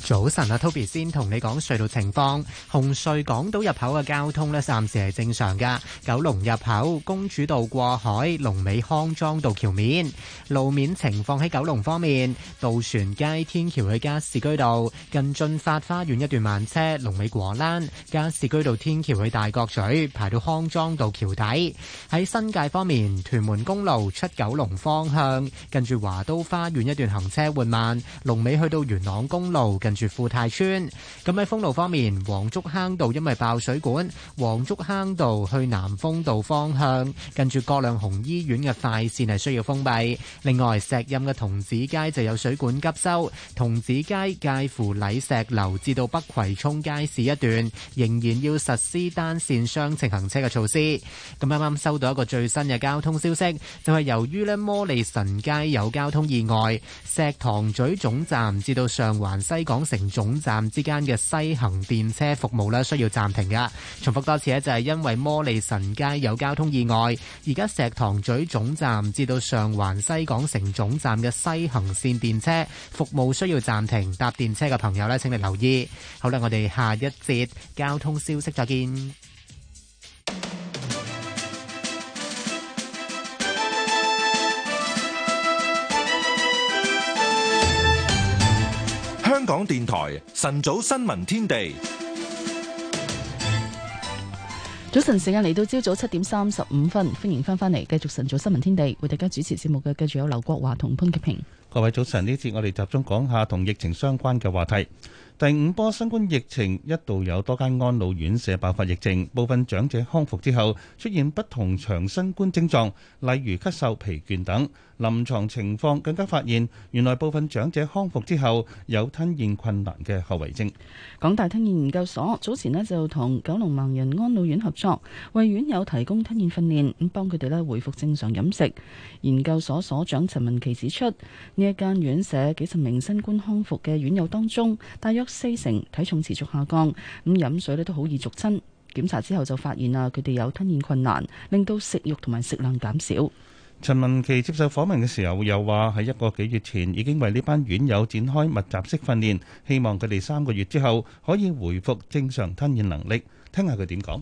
早晨啊，Toby 先同你講隧道情況。紅隧港島入口嘅交通咧，暫時係正常噶。九龍入口公主道過海、龍尾康莊道橋面路面情況。喺九龍方面，渡船街天橋去加士居道近駿發花園一段慢車，龍尾果欄；加士居道天橋去大角咀排到康莊道橋底。喺新界方面，屯門公路出九龍方向近住華都花園一段行車緩慢，龍尾去到元朗公路近住富泰村。咁喺封路方面，黃竹坑道因為爆水管，黃竹坑道去南風道方向，跟住葛量洪醫院嘅快線係需要封閉。另外，石蔭嘅童子街就有水管急修，童子街介乎禮石樓至到北葵涌街市一段仍然要實施單線雙程行車嘅措施。咁啱啱收到一個最新嘅交通消息，就係由於咧摩利臣街有交通意外，石塘咀總站至到上環西港城總站之間嘅西行電車服務咧，需要暫停噶。重複多次咧，就係因為摩利臣街有交通意外，而家石塘咀總站至到上環西港城總站嘅西行線電車服務需要暫停，搭電車嘅朋友咧，請你留意。好啦，我哋下一節交通消息再見。港電台晨早新聞天地，早晨時間嚟到朝早七點三十五分，歡迎翻返嚟，繼續晨早新聞天地，為大家主持節目嘅，繼續有劉國華同潘潔平。各位早晨，呢次我哋集中講下同疫情相關嘅話題。第五波新冠疫情一度有多間安老院舍爆發疫症，部分長者康復之後出現不同長新冠症狀，例如咳嗽、疲倦等。臨床情況更加發現，原來部分長者康復之後有吞咽困難嘅後遺症。港大吞咽研究所早前呢就同九龍盲人安老院合作，為院友提供吞咽訓練，咁幫佢哋咧回復正常飲食。研究所所長陳文琪指出，呢一間院舍幾十名新冠康復嘅院友當中，大約四成體重持續下降，咁飲水咧都好易逐親。檢查之後就發現啊，佢哋有吞咽困難，令到食慾同埋食量減少。陳文琪接受訪問嘅時候又話，喺一個幾月前已經為呢班院友展開密集式訓練，希望佢哋三個月之後可以回復正常吞咽能力。聽下佢點講。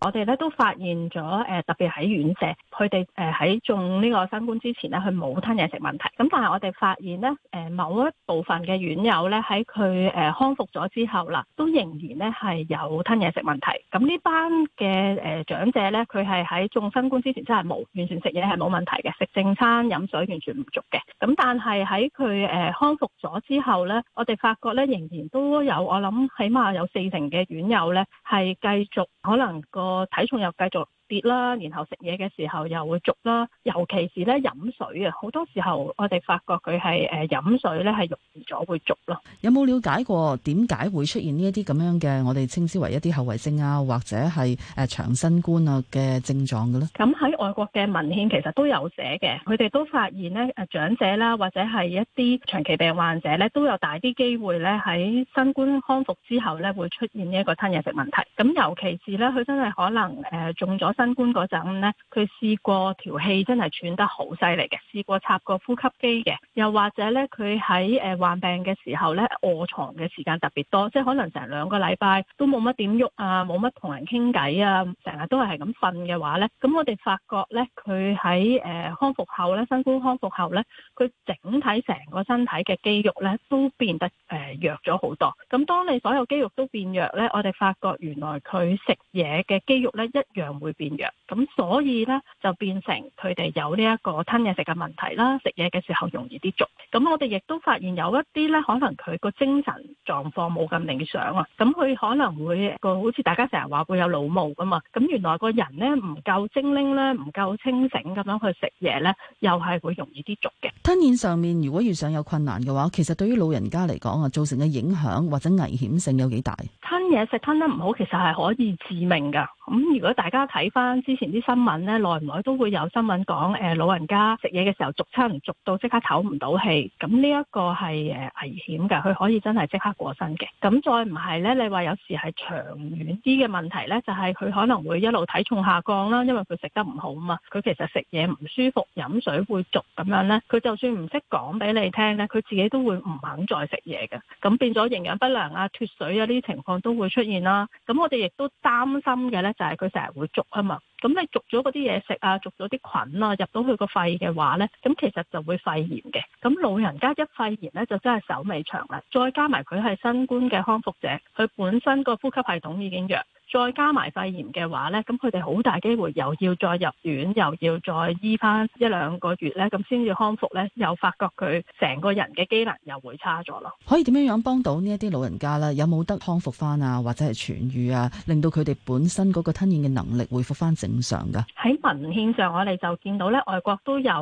我哋咧都發現咗，誒特別喺院舍，佢哋誒喺中呢個新冠之前咧，佢冇吞嘢食問題。咁但係我哋發現咧，誒某一部分嘅院友咧，喺佢誒康復咗之後啦，都仍然咧係有吞嘢食問題。咁呢班嘅誒長者咧，佢係喺中新冠之前真係冇完全食嘢係冇問題嘅，食正餐、飲水完全唔足嘅。咁但係喺佢誒康復咗之後咧，我哋發覺咧仍然都有，我諗起碼有四成嘅院友咧係繼續可能個。我體重又繼續。 跌啦，然後食嘢嘅時候又會濁啦，尤其是咧飲水啊，好多時候我哋發覺佢係誒飲水咧係容易咗會濁咯。有冇了解過點解會出現呢一啲咁樣嘅我哋稱之為一啲後遺症啊，或者係誒長新冠啊嘅症狀嘅咧？咁喺外國嘅文獻其實都有寫嘅，佢哋都發現咧誒長者啦，或者係一啲長期病患者咧，都有大啲機會咧喺新冠康復之後咧會出現呢一個吞嘢食問題。咁尤其是咧，佢真係可能誒中咗。新冠嗰陣咧，佢試過條氣真係喘得好犀利嘅，試過插過呼吸機嘅，又或者咧，佢喺誒患病嘅時候咧臥床嘅時間特別多，即係可能成兩個禮拜都冇乜點喐啊，冇乜同人傾偈啊，成日都係係咁瞓嘅話咧，咁我哋發覺咧，佢喺誒康復後咧，新冠康復後咧，佢整體成個身體嘅肌肉咧都變得誒弱咗好多。咁當你所有肌肉都變弱咧，我哋發覺原來佢食嘢嘅肌肉咧一樣會變。咁、嗯、所以咧就變成佢哋有呢一個吞嘢食嘅問題啦，食嘢嘅時候容易啲濁。咁、嗯、我哋亦都發現有一啲咧，可能佢個精神狀況冇咁理想啊，咁、嗯、佢可能會個好似大家成日話會有腦霧噶嘛，咁、嗯、原來個人咧唔夠精靈咧，唔夠清醒咁樣去食嘢咧，又係會容易啲濁嘅。吞咽上面如果遇上有困難嘅話，其實對於老人家嚟講啊，造成嘅影響或者危險性有幾大？吞嘢食吞得唔好，其實係可以致命噶。咁如果大家睇翻之前啲新聞咧，耐唔耐都會有新聞講誒、呃、老人家食嘢嘅時候逐逐，續餐唔續到，即刻唞唔到氣。咁呢一個係誒危險嘅，佢可以真係即刻過身嘅。咁再唔係咧，你話有時係長遠啲嘅問題咧，就係、是、佢可能會一路體重下降啦，因為佢食得唔好嘛。佢其實食嘢唔舒服，飲水會續咁樣咧，佢就算唔識講俾你聽咧，佢自己都會唔肯再食嘢嘅。咁變咗營養不良啊、脫水啊呢啲情況都會出現啦。咁我哋亦都擔心嘅咧。但係佢成日會捉啊嘛。 咁你逐咗嗰啲嘢食啊，逐咗啲菌啊，入到去個肺嘅話咧，咁其實就會肺炎嘅。咁老人家一肺炎咧，就真係手尾長啦。再加埋佢係新冠嘅康復者，佢本身個呼吸系統已經弱，再加埋肺炎嘅話咧，咁佢哋好大機會又要再入院，又要再醫翻一兩個月咧，咁先至康復咧，又發覺佢成個人嘅機能又會差咗咯。可以點樣樣幫到呢一啲老人家咧？有冇得康復翻啊？或者係痊愈啊？令到佢哋本身嗰個吞嚥嘅能力回復翻成？正常嘅喺文獻上，我哋就見到咧，外國都有誒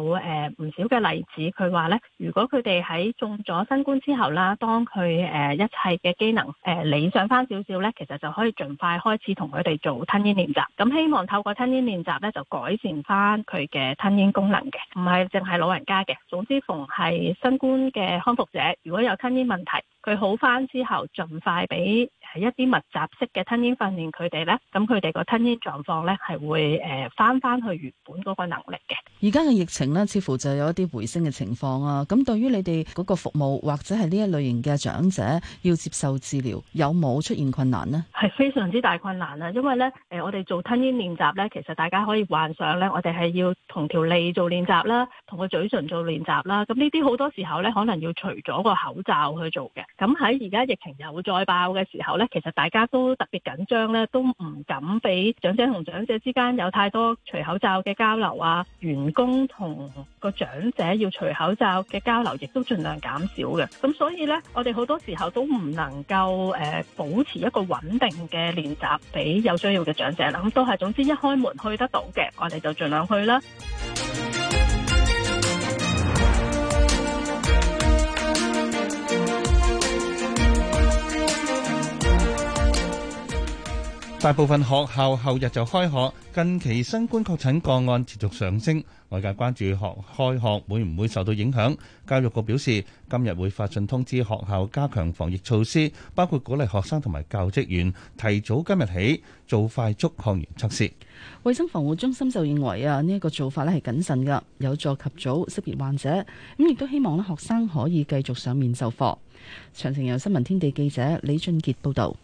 唔少嘅例子，佢話咧，如果佢哋喺中咗新冠之後啦，當佢誒、呃、一切嘅機能誒、呃、理想翻少少咧，其實就可以盡快開始同佢哋做吞咽練習。咁希望透過吞咽練習咧，就改善翻佢嘅吞咽功能嘅，唔係淨係老人家嘅。總之逢係新冠嘅康復者，如果有吞咽問題，佢好翻之後，盡快俾，係一啲密集式嘅吞咽訓練，佢哋咧，咁佢哋個吞咽狀況咧係會誒翻翻去原本嗰個能力嘅。而家嘅疫情咧，似乎就有一啲回升嘅情況啊。咁對於你哋嗰個服務或者係呢一類型嘅長者要接受治療，有冇出現困難呢？係非常之大困難啊！因為咧，誒、呃，我哋做吞咽練習咧，其實大家可以幻想咧，我哋係要同條脷做練習啦，同個嘴唇做練習啦。咁呢啲好多時候咧，可能要除咗個口罩去做嘅。咁喺而家疫情又再爆嘅時候咧。其實大家都特別緊張咧，都唔敢俾長者同長者之間有太多除口罩嘅交流啊，員工同個長者要除口罩嘅交流，亦都盡量減少嘅。咁所以呢，我哋好多時候都唔能夠誒、呃、保持一個穩定嘅練習俾有需要嘅長者啦。咁都係，總之一開門去得到嘅，我哋就盡量去啦。大部分學校後日就開學，近期新冠確診個案持續上升，外界關注學開學會唔會受到影響。教育局表示，今日會發信通知學校加強防疫措施，包括鼓勵學生同埋教職員提早今日起做快速抗原測試。衞生防護中心就認為啊，呢一個做法咧係謹慎噶，有助及早識別患者，咁亦都希望咧學生可以繼續上面授課。詳情由新聞天地記者李俊傑報道。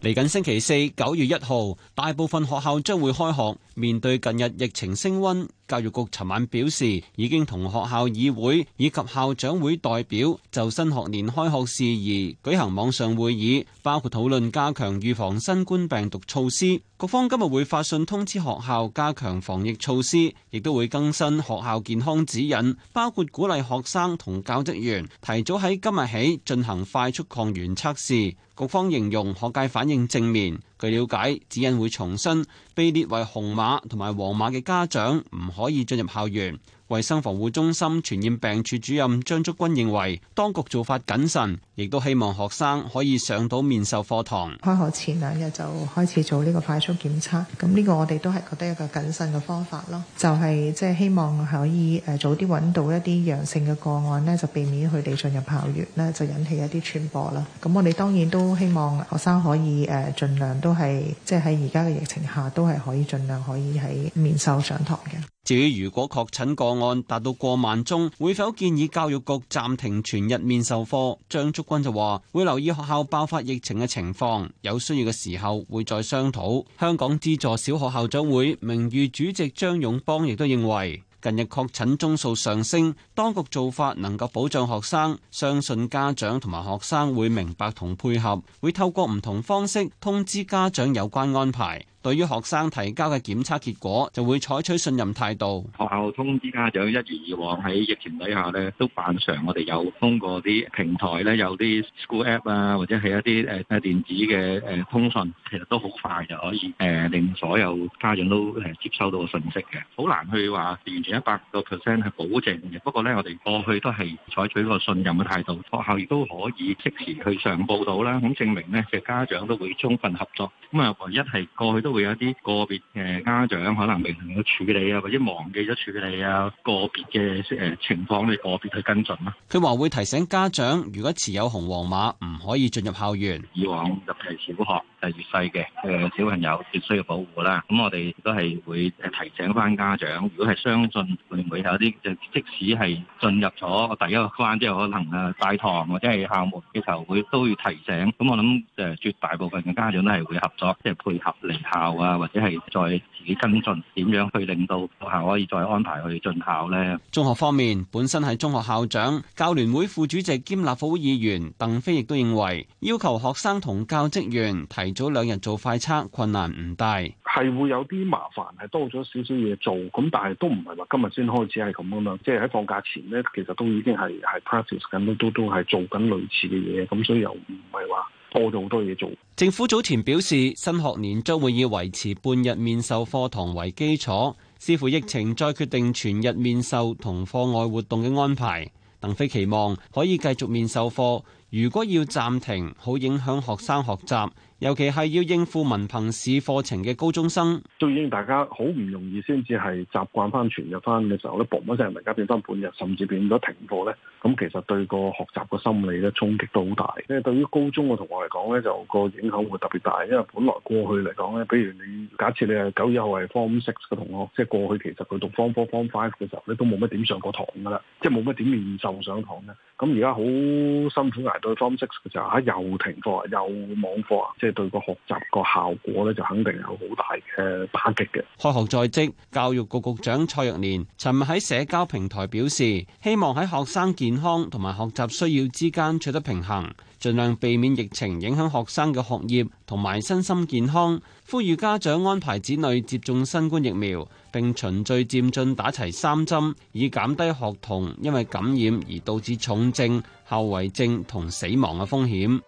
嚟緊星期四，九月一號，大部分學校將會開學。面對近日疫情升溫。教育局尋晚表示，已經同學校議會以及校長會代表就新學年開學事宜舉行網上會議，包括討論加強預防新冠病毒措施。局方今日會發信通知學校加強防疫措施，亦都會更新學校健康指引，包括鼓勵學生同教職員提早喺今日起進行快速抗原測試。局方形容學界反應正面。據了解，指引會重申，被列為紅碼同埋黃碼嘅家長唔可以進入校園。衛生防護中心傳染病處主任張竹君認為，當局做法謹慎，亦都希望學生可以上到面授課堂。開學前兩日就開始做呢個快速檢測，咁呢個我哋都係覺得一個謹慎嘅方法咯，就係即係希望可以誒早啲揾到一啲陽性嘅個案，呢就避免佢哋進入校園，呢就引起一啲傳播啦。咁我哋當然都希望學生可以誒盡量都係即係喺而家嘅疫情下都係可以盡量可以喺面授上堂嘅。至於如果確診個案達到過萬宗，會否建議教育局暫停全日面授課？張竹君就話：會留意學校爆發疫情嘅情況，有需要嘅時候會再商討。香港資助小學校長會名譽主席張勇邦亦都認為，近日確診宗數上升，當局做法能夠保障學生，相信家長同埋學生會明白同配合，會透過唔同方式通知家長有關安排。對於學生提交嘅檢測結果，就會採取信任態度。學校通知家長一如以往喺疫情底下咧，都慣常我哋有通過啲平台咧，有啲 school app 啊，或者係一啲誒電子嘅誒通訊，其實都好快就可以誒令所有家長都誒接收到信息嘅。好難去話完全一百個 percent 係保證嘅。不過咧，我哋過去都係採取一個信任嘅態度，學校亦都可以即時去上報到啦。咁證明咧其實家長都會充分合作。咁啊，唯一係過去都會有啲個別嘅家長可能未能去處理啊，或者忘記咗處理啊，個別嘅誒情況，你個別去跟進啦。佢話會提醒家長，如果持有紅黃碼唔可以進入校園。以往入別小學就越細嘅誒小朋友越需要保護啦。咁我哋都係會誒提醒翻家長，如果係相信會唔會有啲，即使係進入咗第一個關之後，即可能啊大堂或者係校門嘅時候，佢都要提醒。咁我諗誒絕大部分嘅家長都係會合作，即係配合嚟校啊，或者係再自己跟進，點樣去令到學校可以再安排去進校呢？中學方面，本身係中學校長教聯會副主席兼立法會議員鄧飛亦都認為，要求學生同教職員提早兩日做快測困難唔大，係會有啲麻煩，係多咗少少嘢做，咁但係都唔係話今日先開始係咁噶嘛？即係喺放假前呢，其實都已經係係 practice 緊，都都都係做緊類似嘅嘢，咁所以又唔係話。多咗好多嘢做。政府早前表示，新學年將會以維持半日面授課堂為基礎，視乎疫情再決定全日面授同課外活動嘅安排。鄧飛期望可以繼續面授課，如果要暫停，好影響學生學習。尤其係要應付文憑試課程嘅高中生，都已經大家好唔容易先至係習慣翻全日翻嘅時候咧，boom 一聲，突然間變翻半日，甚至變咗停課咧，咁其實對個學習嘅心理咧衝擊都好大。即係對於高中嘅同學嚟講咧，就個影響會特別大，因為本來過去嚟講咧，比如你假設你係九二後係 form six 嘅同學，即係過去其實佢讀 form four、form five 嘅時候咧，都冇乜點上過堂噶啦，即係冇乜點面授上堂咧。咁而家好辛苦捱到方式就吓又停課又網課啊，即係對個學習個效果咧，就肯定有好大嘅打擊嘅。開學在即，教育局局長蔡若蓮尋日喺社交平台表示，希望喺學生健康同埋學習需要之間取得平衡，盡量避免疫情影響學生嘅學業同埋身心健康。呼籲家長安排子女接種新冠疫苗，並循序漸進打齊三針，以減低學童因為感染而導致重症、後遺症同死亡嘅風險。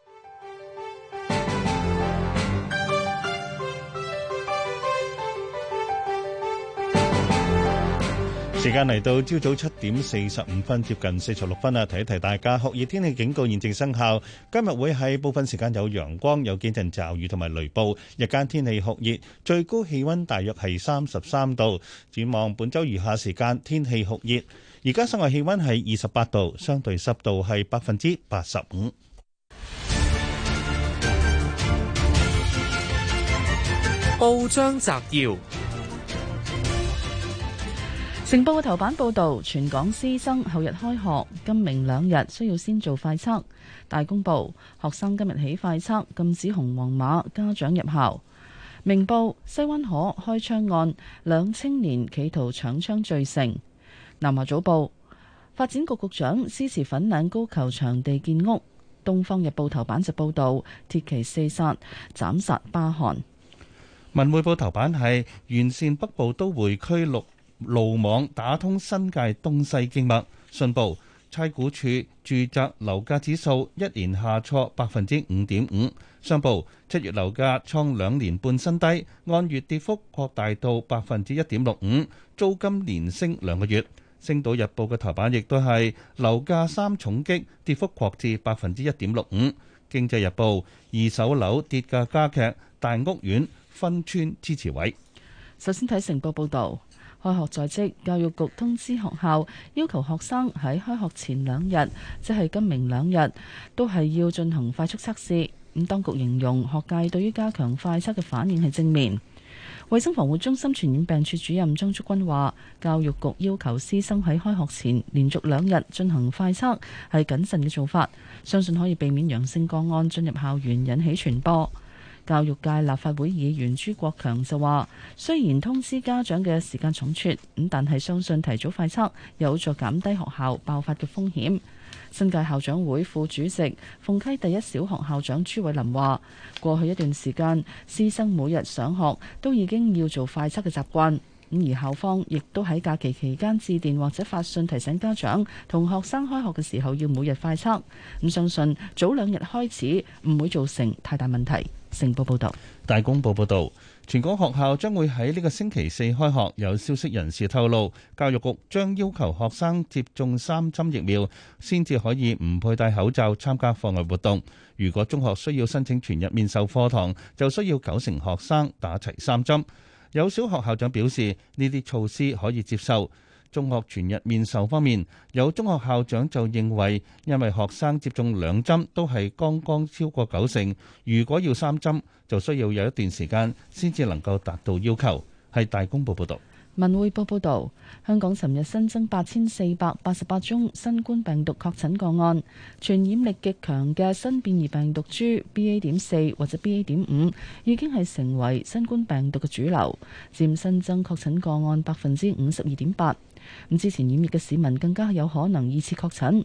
時間嚟到朝早七點四十五分，接近四十六分啊，提一提大家，酷熱天氣警告現正生效。今日會喺部分時間有陽光，有幾陣驟雨同埋雷暴。日間天氣酷熱，最高氣溫大約係三十三度。展望本周餘下時間天氣酷熱。而家室外氣溫係二十八度，相對濕度係百分之八十五。報章摘要。成報嘅頭版報導，全港師生後日開學，今明兩日需要先做快測。大公報學生今日起快測，禁止紅黃馬家長入校。明報西灣河開槍案，兩青年企圖搶槍罪成。南華早報發展局局長支持粉嶺高球場地建屋。《東方日報》頭版就報導，鐵騎四殺斬殺巴汗。文匯報頭版係完善北部都會區六。路網打通新界東西經脈，信報差估署住宅樓價指數一年下挫百分之五點五，商報七月樓價創兩年半新低，按月跌幅擴大到百分之一點六五，租金連升兩個月。星島日報嘅頭版亦都係樓價三重擊，跌幅擴至百分之一點六五。經濟日報二手樓跌價加劇，大屋苑分村支持位。首先睇成報報道。開學在即，教育局通知學校要求學生喺開學前兩日，即係今明兩日，都係要進行快速測試，咁當局形容學界對於加強快測嘅反應係正面。衛生防護中心傳染病處主任張竹君話教育局要求師生喺開學前連續兩日進行快測，係謹慎嘅做法，相信可以避免陽性個案進入校園引起傳播。教育界立法會議員朱國強就話：雖然通知家長嘅時間倉促咁，但係相信提早快測有助減低學校爆發嘅風險。新界校長會副主席鳳溪第一小學校長朱偉林話：過去一段時間，師生每日上學都已經要做快測嘅習慣咁，而校方亦都喺假期期間致電或者發信提醒家長同學生開學嘅時候要每日快測。咁相信早兩日開始唔會造成太大問題。成報報道，大公報報道，全港學校將會喺呢個星期四開學。有消息人士透露，教育局將要求學生接種三針疫苗，先至可以唔佩戴口罩參加課外活動。如果中學需要申請全日面授課堂，就需要九成學生打齊三針。有小學校長表示，呢啲措施可以接受。中學全日面授方面，有中學校長就認為，因為學生接種兩針都係剛剛超過九成，如果要三針，就需要有一段時間先至能夠達到要求。係大公報報導，文匯報報導，香港尋日新增八千四百八十八宗新冠病毒確診個案，傳染力極強嘅新變異病毒株 BA.4 或者 BA.5 已經係成為新冠病毒嘅主流，佔新增確診個案百分之五十二點八。咁之前染疫嘅市民更加有可能二次確診。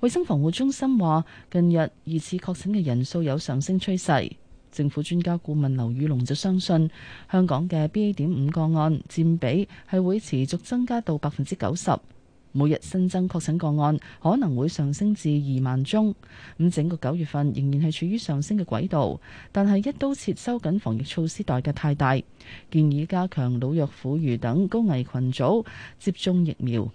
衛生防護中心話，近日二次確診嘅人數有上升趨勢。政府專家顧問劉宇龍就相信，香港嘅 B A 點五個案佔比係會持續增加到百分之九十。每日新增確診個案可能會上升至二萬宗，咁整個九月份仍然係處於上升嘅軌道，但係一刀切收緊防疫措施代價太大，建議加強老弱婦孺等高危群組接種疫苗。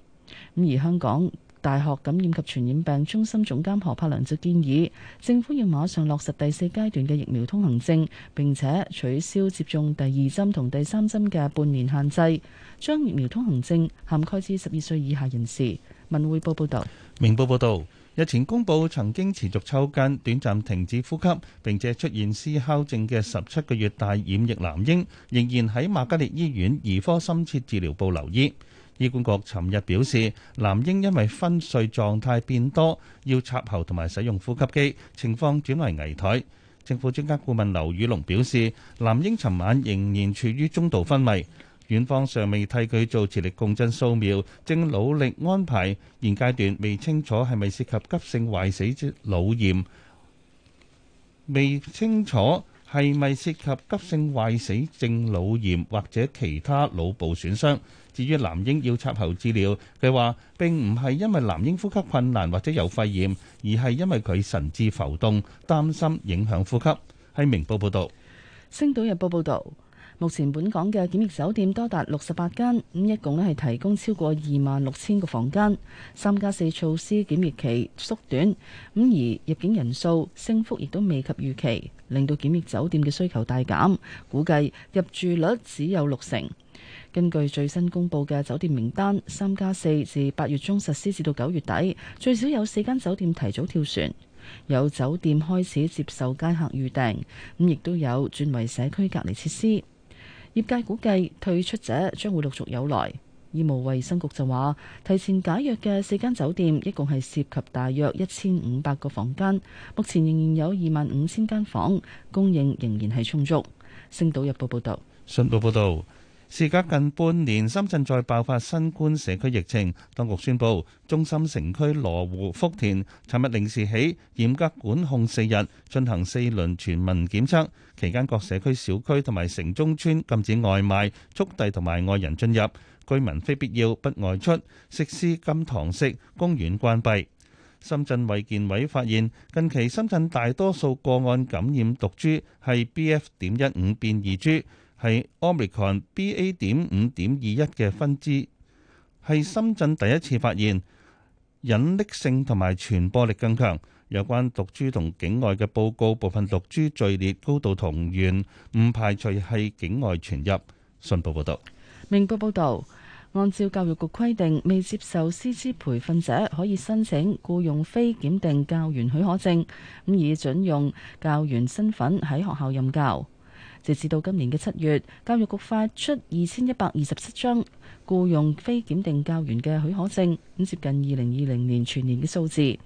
咁而香港大學感染及傳染病中心總監何柏良就建議政府要馬上落實第四階段嘅疫苗通行證，並且取消接種第二針同第三針嘅半年限制。將疫苗通行證涵蓋至十二歲以下人士。文匯報報導，明報報導，日前公布曾經持續抽筋、短暫停止呼吸並且出現思考症嘅十七個月大染疫男嬰，仍然喺瑪嘉烈醫院兒科深切治療部留醫。醫管局尋日表示，男嬰因為昏睡狀態變多，要插喉同埋使用呼吸機，情況轉為危殆。政府專家顧問劉宇龍表示，男嬰尋晚仍然處於中度昏迷。院方尚未替佢做磁力共振掃描，正努力安排。現階段未清楚係咪涉及急性壞死腦炎，未清楚係咪涉及急性壞死症腦炎或者其他腦部損傷。至於男嬰要插喉治療，佢話並唔係因為男嬰呼吸困難或者有肺炎，而係因為佢神志浮動，擔心影響呼吸。係明報報導，《星島日報》報導。目前本港嘅檢疫酒店多達六十八間，咁一共咧係提供超過二萬六千個房間，三加四措施檢疫期縮短，咁而入境人數升幅亦都未及預期，令到檢疫酒店嘅需求大減，估計入住率只有六成。根據最新公布嘅酒店名單，三加四至八月中實施至到九月底，最少有四間酒店提早跳船，有酒店開始接受街客預訂，咁亦都有轉為社區隔離設施。業界估計退出者將會陸續有來，醫務衛生局就話提前解約嘅四間酒店一共係涉及大約一千五百個房間，目前仍然有二萬五千間房，供應仍然係充足。星島日報報道，信報報道。事隔近半年，深圳再爆發新冠社區疫情，當局宣布中心城區羅湖、福田，尋日零時起嚴格管控四日，進行四輪全民檢測。期間各社區、小區同埋城中村禁止外賣、速遞同埋外人進入，居民非必要不外出，食肆禁堂食，公園關閉。深圳衛健委發現，近期深圳大多數個案感染毒株係 BF 點一五變異株。係奧密克戎 BA. 點五點二一嘅分支，係深圳第一次發現隱匿性同埋傳播力更強。有關毒株同境外嘅報告，部分毒株序列高度同源，唔排除係境外傳入。信報報道。明報報道，按照教育局規定，未接受師資培訓者可以申請僱用非檢定教員許可證，咁以準用教員身份喺學校任教。直至到今年嘅七月，教育局發出二千一百二十七張僱傭非檢定教員嘅許可證，咁接近二零二零年全年嘅數字。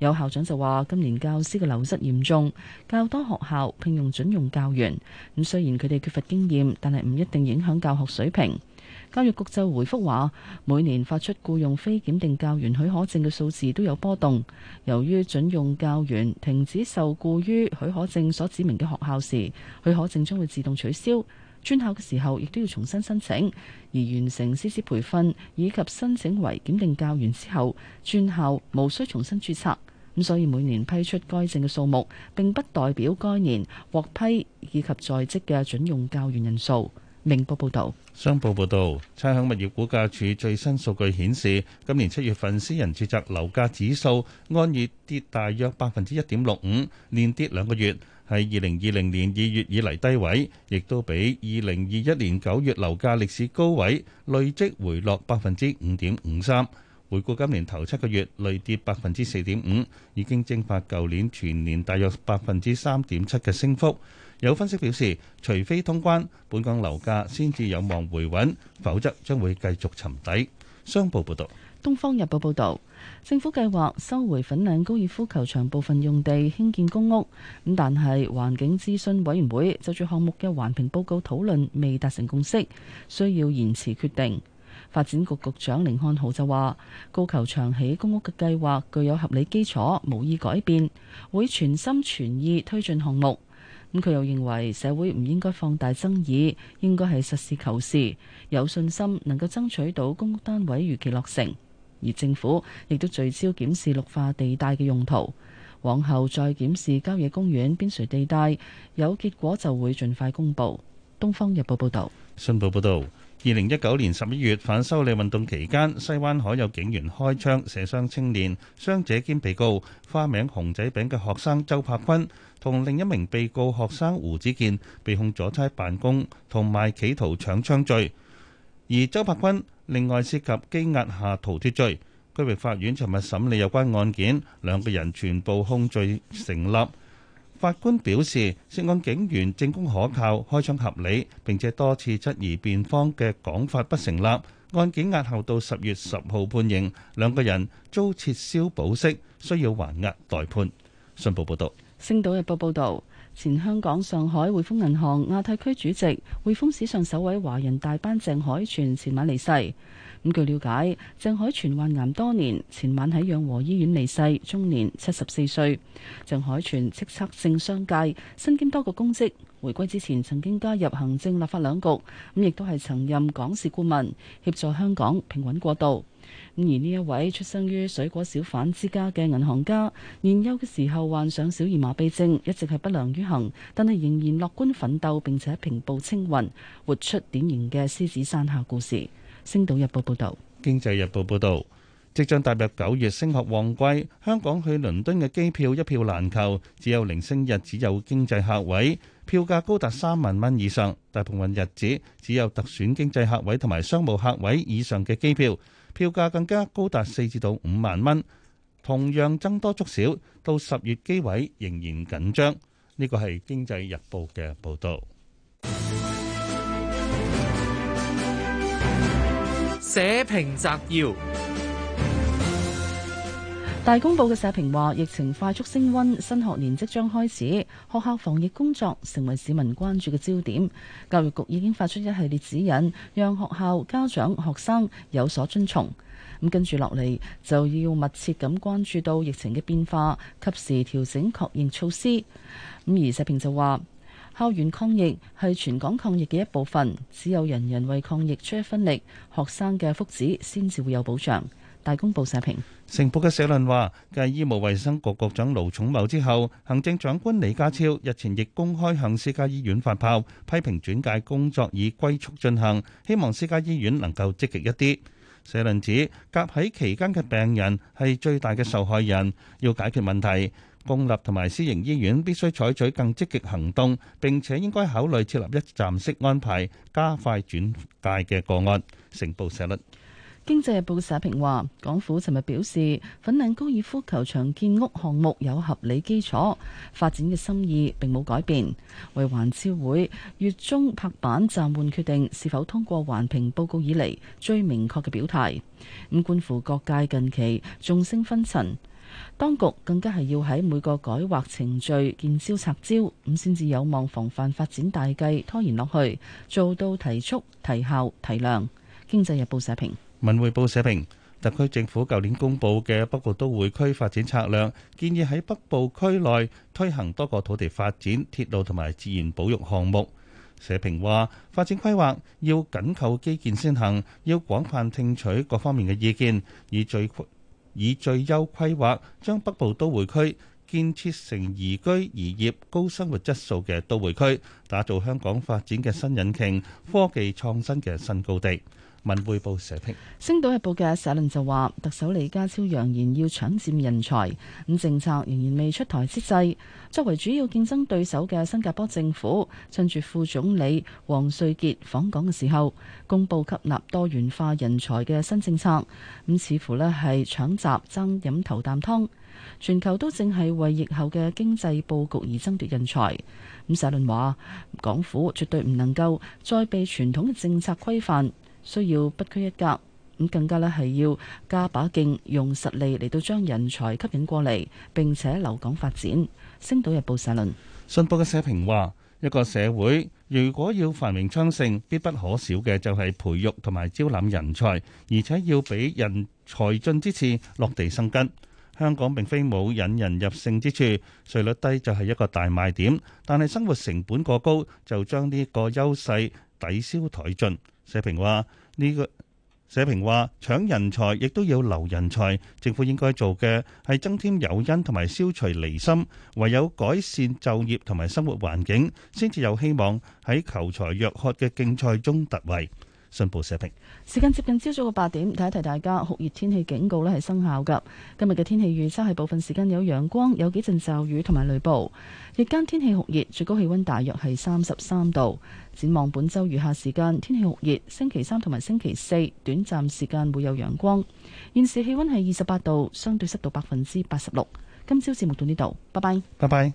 有校長就話，今年教師嘅流失嚴重，較多學校聘用準用教員。咁雖然佢哋缺乏經驗，但係唔一定影響教學水平。教育局就回覆話，每年發出僱用非檢定教員許可證嘅數字都有波動，由於準用教員停止受僱於許可證所指明嘅學校時，許可證將會自動取消。轉校嘅時候亦都要重新申請，而完成師資培訓以及申請為檢定教員之後，轉校無需重新註冊，咁所以每年批出該證嘅數目，並不代表該年獲批以及在職嘅準用教員人數。明報報道，商報報道，差餉物業估價署最新數據顯示，今年七月份私人住宅樓價指數按月跌大約百分之一點六五，連跌兩個月，係二零二零年二月以嚟低位，亦都比二零二一年九月樓價歷史高位累積回落百分之五點五三。回顧今年頭七個月，累跌百分之四點五，已經蒸發舊年全年大約百分之三點七嘅升幅。有分析表示，除非通關，本港樓價先至有望回穩，否則將會繼續沉底。商報報道，東方日報報道，政府計劃收回粉嶺高爾夫球場部分用地興建公屋，咁但係環境諮詢委員會就住項目嘅環評報告討論未達成共識，需要延遲決定。發展局局長寧漢豪就話，高球場起公屋嘅計劃具有合理基礎，無意改變，會全心全意推進項目。咁佢又認為社會唔應該放大爭議，應該係實事求是，有信心能夠爭取到公屋單位如期落成。而政府亦都聚焦檢視綠化地帶嘅用途，往後再檢視郊野公園邊陲地帶，有結果就會盡快公佈。《東方日報》報道，《新報》報道。二零一九年十一月反修例運動期間，西灣海有警員開槍射傷青年，傷者兼被告花名熊仔餅嘅學生周柏坤，同另一名被告學生胡子健，被控阻差辦公同埋企圖搶槍罪，而周柏坤另外涉及羈押下逃脱罪。區域法院尋日審理有關案件，兩個人全部控罪成立。法官表示，涉案警員證供可靠、開槍合理，並且多次質疑辯方嘅講法不成立。案件押後到十月十號判刑，兩個人遭撤銷保釋，需要還押待判。信報報道，星島日報報道，前香港上海匯豐銀行亞太區主席、匯豐史上首位華人大班鄭海泉前晚離世。咁據了解，鄭海泉患癌多年，前晚喺養和醫院離世，終年七十四歲。鄭海泉叱咤政商界，身兼多個公職。回歸之前，曾經加入行政立法兩局，咁亦都係曾任港事顧問，協助香港平穩過渡。而呢一位出生於水果小販之家嘅銀行家，年幼嘅時候患上小兒麻痹症，一直係不良於行，但係仍然樂觀奮鬥並且平步青雲，活出典型嘅獅子山下故事。星島日報報道，經濟日報報道，即將踏入九月升學旺季，香港去倫敦嘅機票一票難求，只有零星日子有經濟客位，票價高達三萬蚊以上；大部份日子只有特選經濟客位同埋商務客位以上嘅機票，票價更加高達四至到五萬蚊，同樣僧多粥少，到十月機位仍然緊張。呢、這個係經濟日報嘅報道。社評摘要：大公報嘅社評話，疫情快速升温，新學年即將開始，學校防疫工作成為市民關注嘅焦點。教育局已經發出一系列指引，讓學校、家長、學生有所遵從。咁跟住落嚟，就要密切咁關注到疫情嘅變化，及時調整確認措施。咁而社評就話。校園抗疫係全港抗疫嘅一部分，只有人人為抗疫出一分力，學生嘅福祉先至會有保障。大公報社評，成報嘅社論話：繼醫務衛生局局長盧寵茂之後，行政長官李家超日前亦公開向私家醫院發炮，批評轉介工作以龜速進行，希望私家醫院能夠積極一啲。社論指，夾喺期間嘅病人係最大嘅受害人，要解決問題。公立同埋私營醫院必須採取更積極行動，並且應該考慮設立一站式安排，加快轉介嘅個案。成報社論。經濟日報社評話，港府尋日表示，粉嶺高爾夫球場建屋項目有合理基礎，發展嘅心意並冇改變。為環超會月中拍板暫緩決定是否通過環評報告以來，以嚟最明確嘅表態。咁、嗯、觀乎各界近期眾聲紛陳，當局更加係要喺每個改劃程序見招拆招，咁先至有望防範發展大計拖延落去，做到提速、提效、提量。經濟日報社評。文匯報社評，特區政府舊年公佈嘅北部都會區發展策略，建議喺北部區內推行多個土地發展、鐵路同埋自然保育項目。社評話，發展規劃要緊扣基建先行，要廣泛聽取各方面嘅意見，以最，以最優規劃，將北部都會區建設成宜居宜業、高生活質素嘅都會區，打造香港發展嘅新引擎、科技創新嘅新高地。文匯報社評，《星島日報》嘅社論就話：特首李家超揚言要搶佔人才，咁政策仍然未出台之際，作為主要競爭對手嘅新加坡政府，趁住副總理王瑞傑訪港嘅時候，公布吸納多元化人才嘅新政策，咁似乎咧係搶集爭飲頭啖湯。全球都正係為疫後嘅經濟佈局而爭奪人才。咁社論話：港府絕對唔能夠再被傳統嘅政策規範。需要不拘一格，咁更加咧係要加把勁，用實力嚟到將人才吸引過嚟，並且留港發展。星島日報社論。信報嘅社評話：一個社會如果要繁榮昌盛，必不可少嘅就係培育同埋招攬人才，而且要俾人才盡之次落地生根。香港並非冇引人入勝之處，稅率低就係一個大賣點，但係生活成本過高就將呢個優勢抵消殆盡。社評話：呢、這個社評話搶人才亦都要留人才，政府應該做嘅係增添誘因同埋消除離心，唯有改善就業同埋生活環境，先至有希望喺求才若渴嘅競賽中突圍。信報社評時間。接近朝早嘅八點，提一提大家酷熱天氣警告咧，係生效嘅。今日嘅天氣預測係部分時間有陽光，有幾陣驟雨同埋雷暴。日間天氣酷熱，最高氣溫大約係三十三度。展望本周餘下時間天氣酷熱，星期三同埋星期四短暫時間會有陽光。現時氣溫係二十八度，相對濕度百分之八十六。今朝節目到呢度，拜拜，拜拜。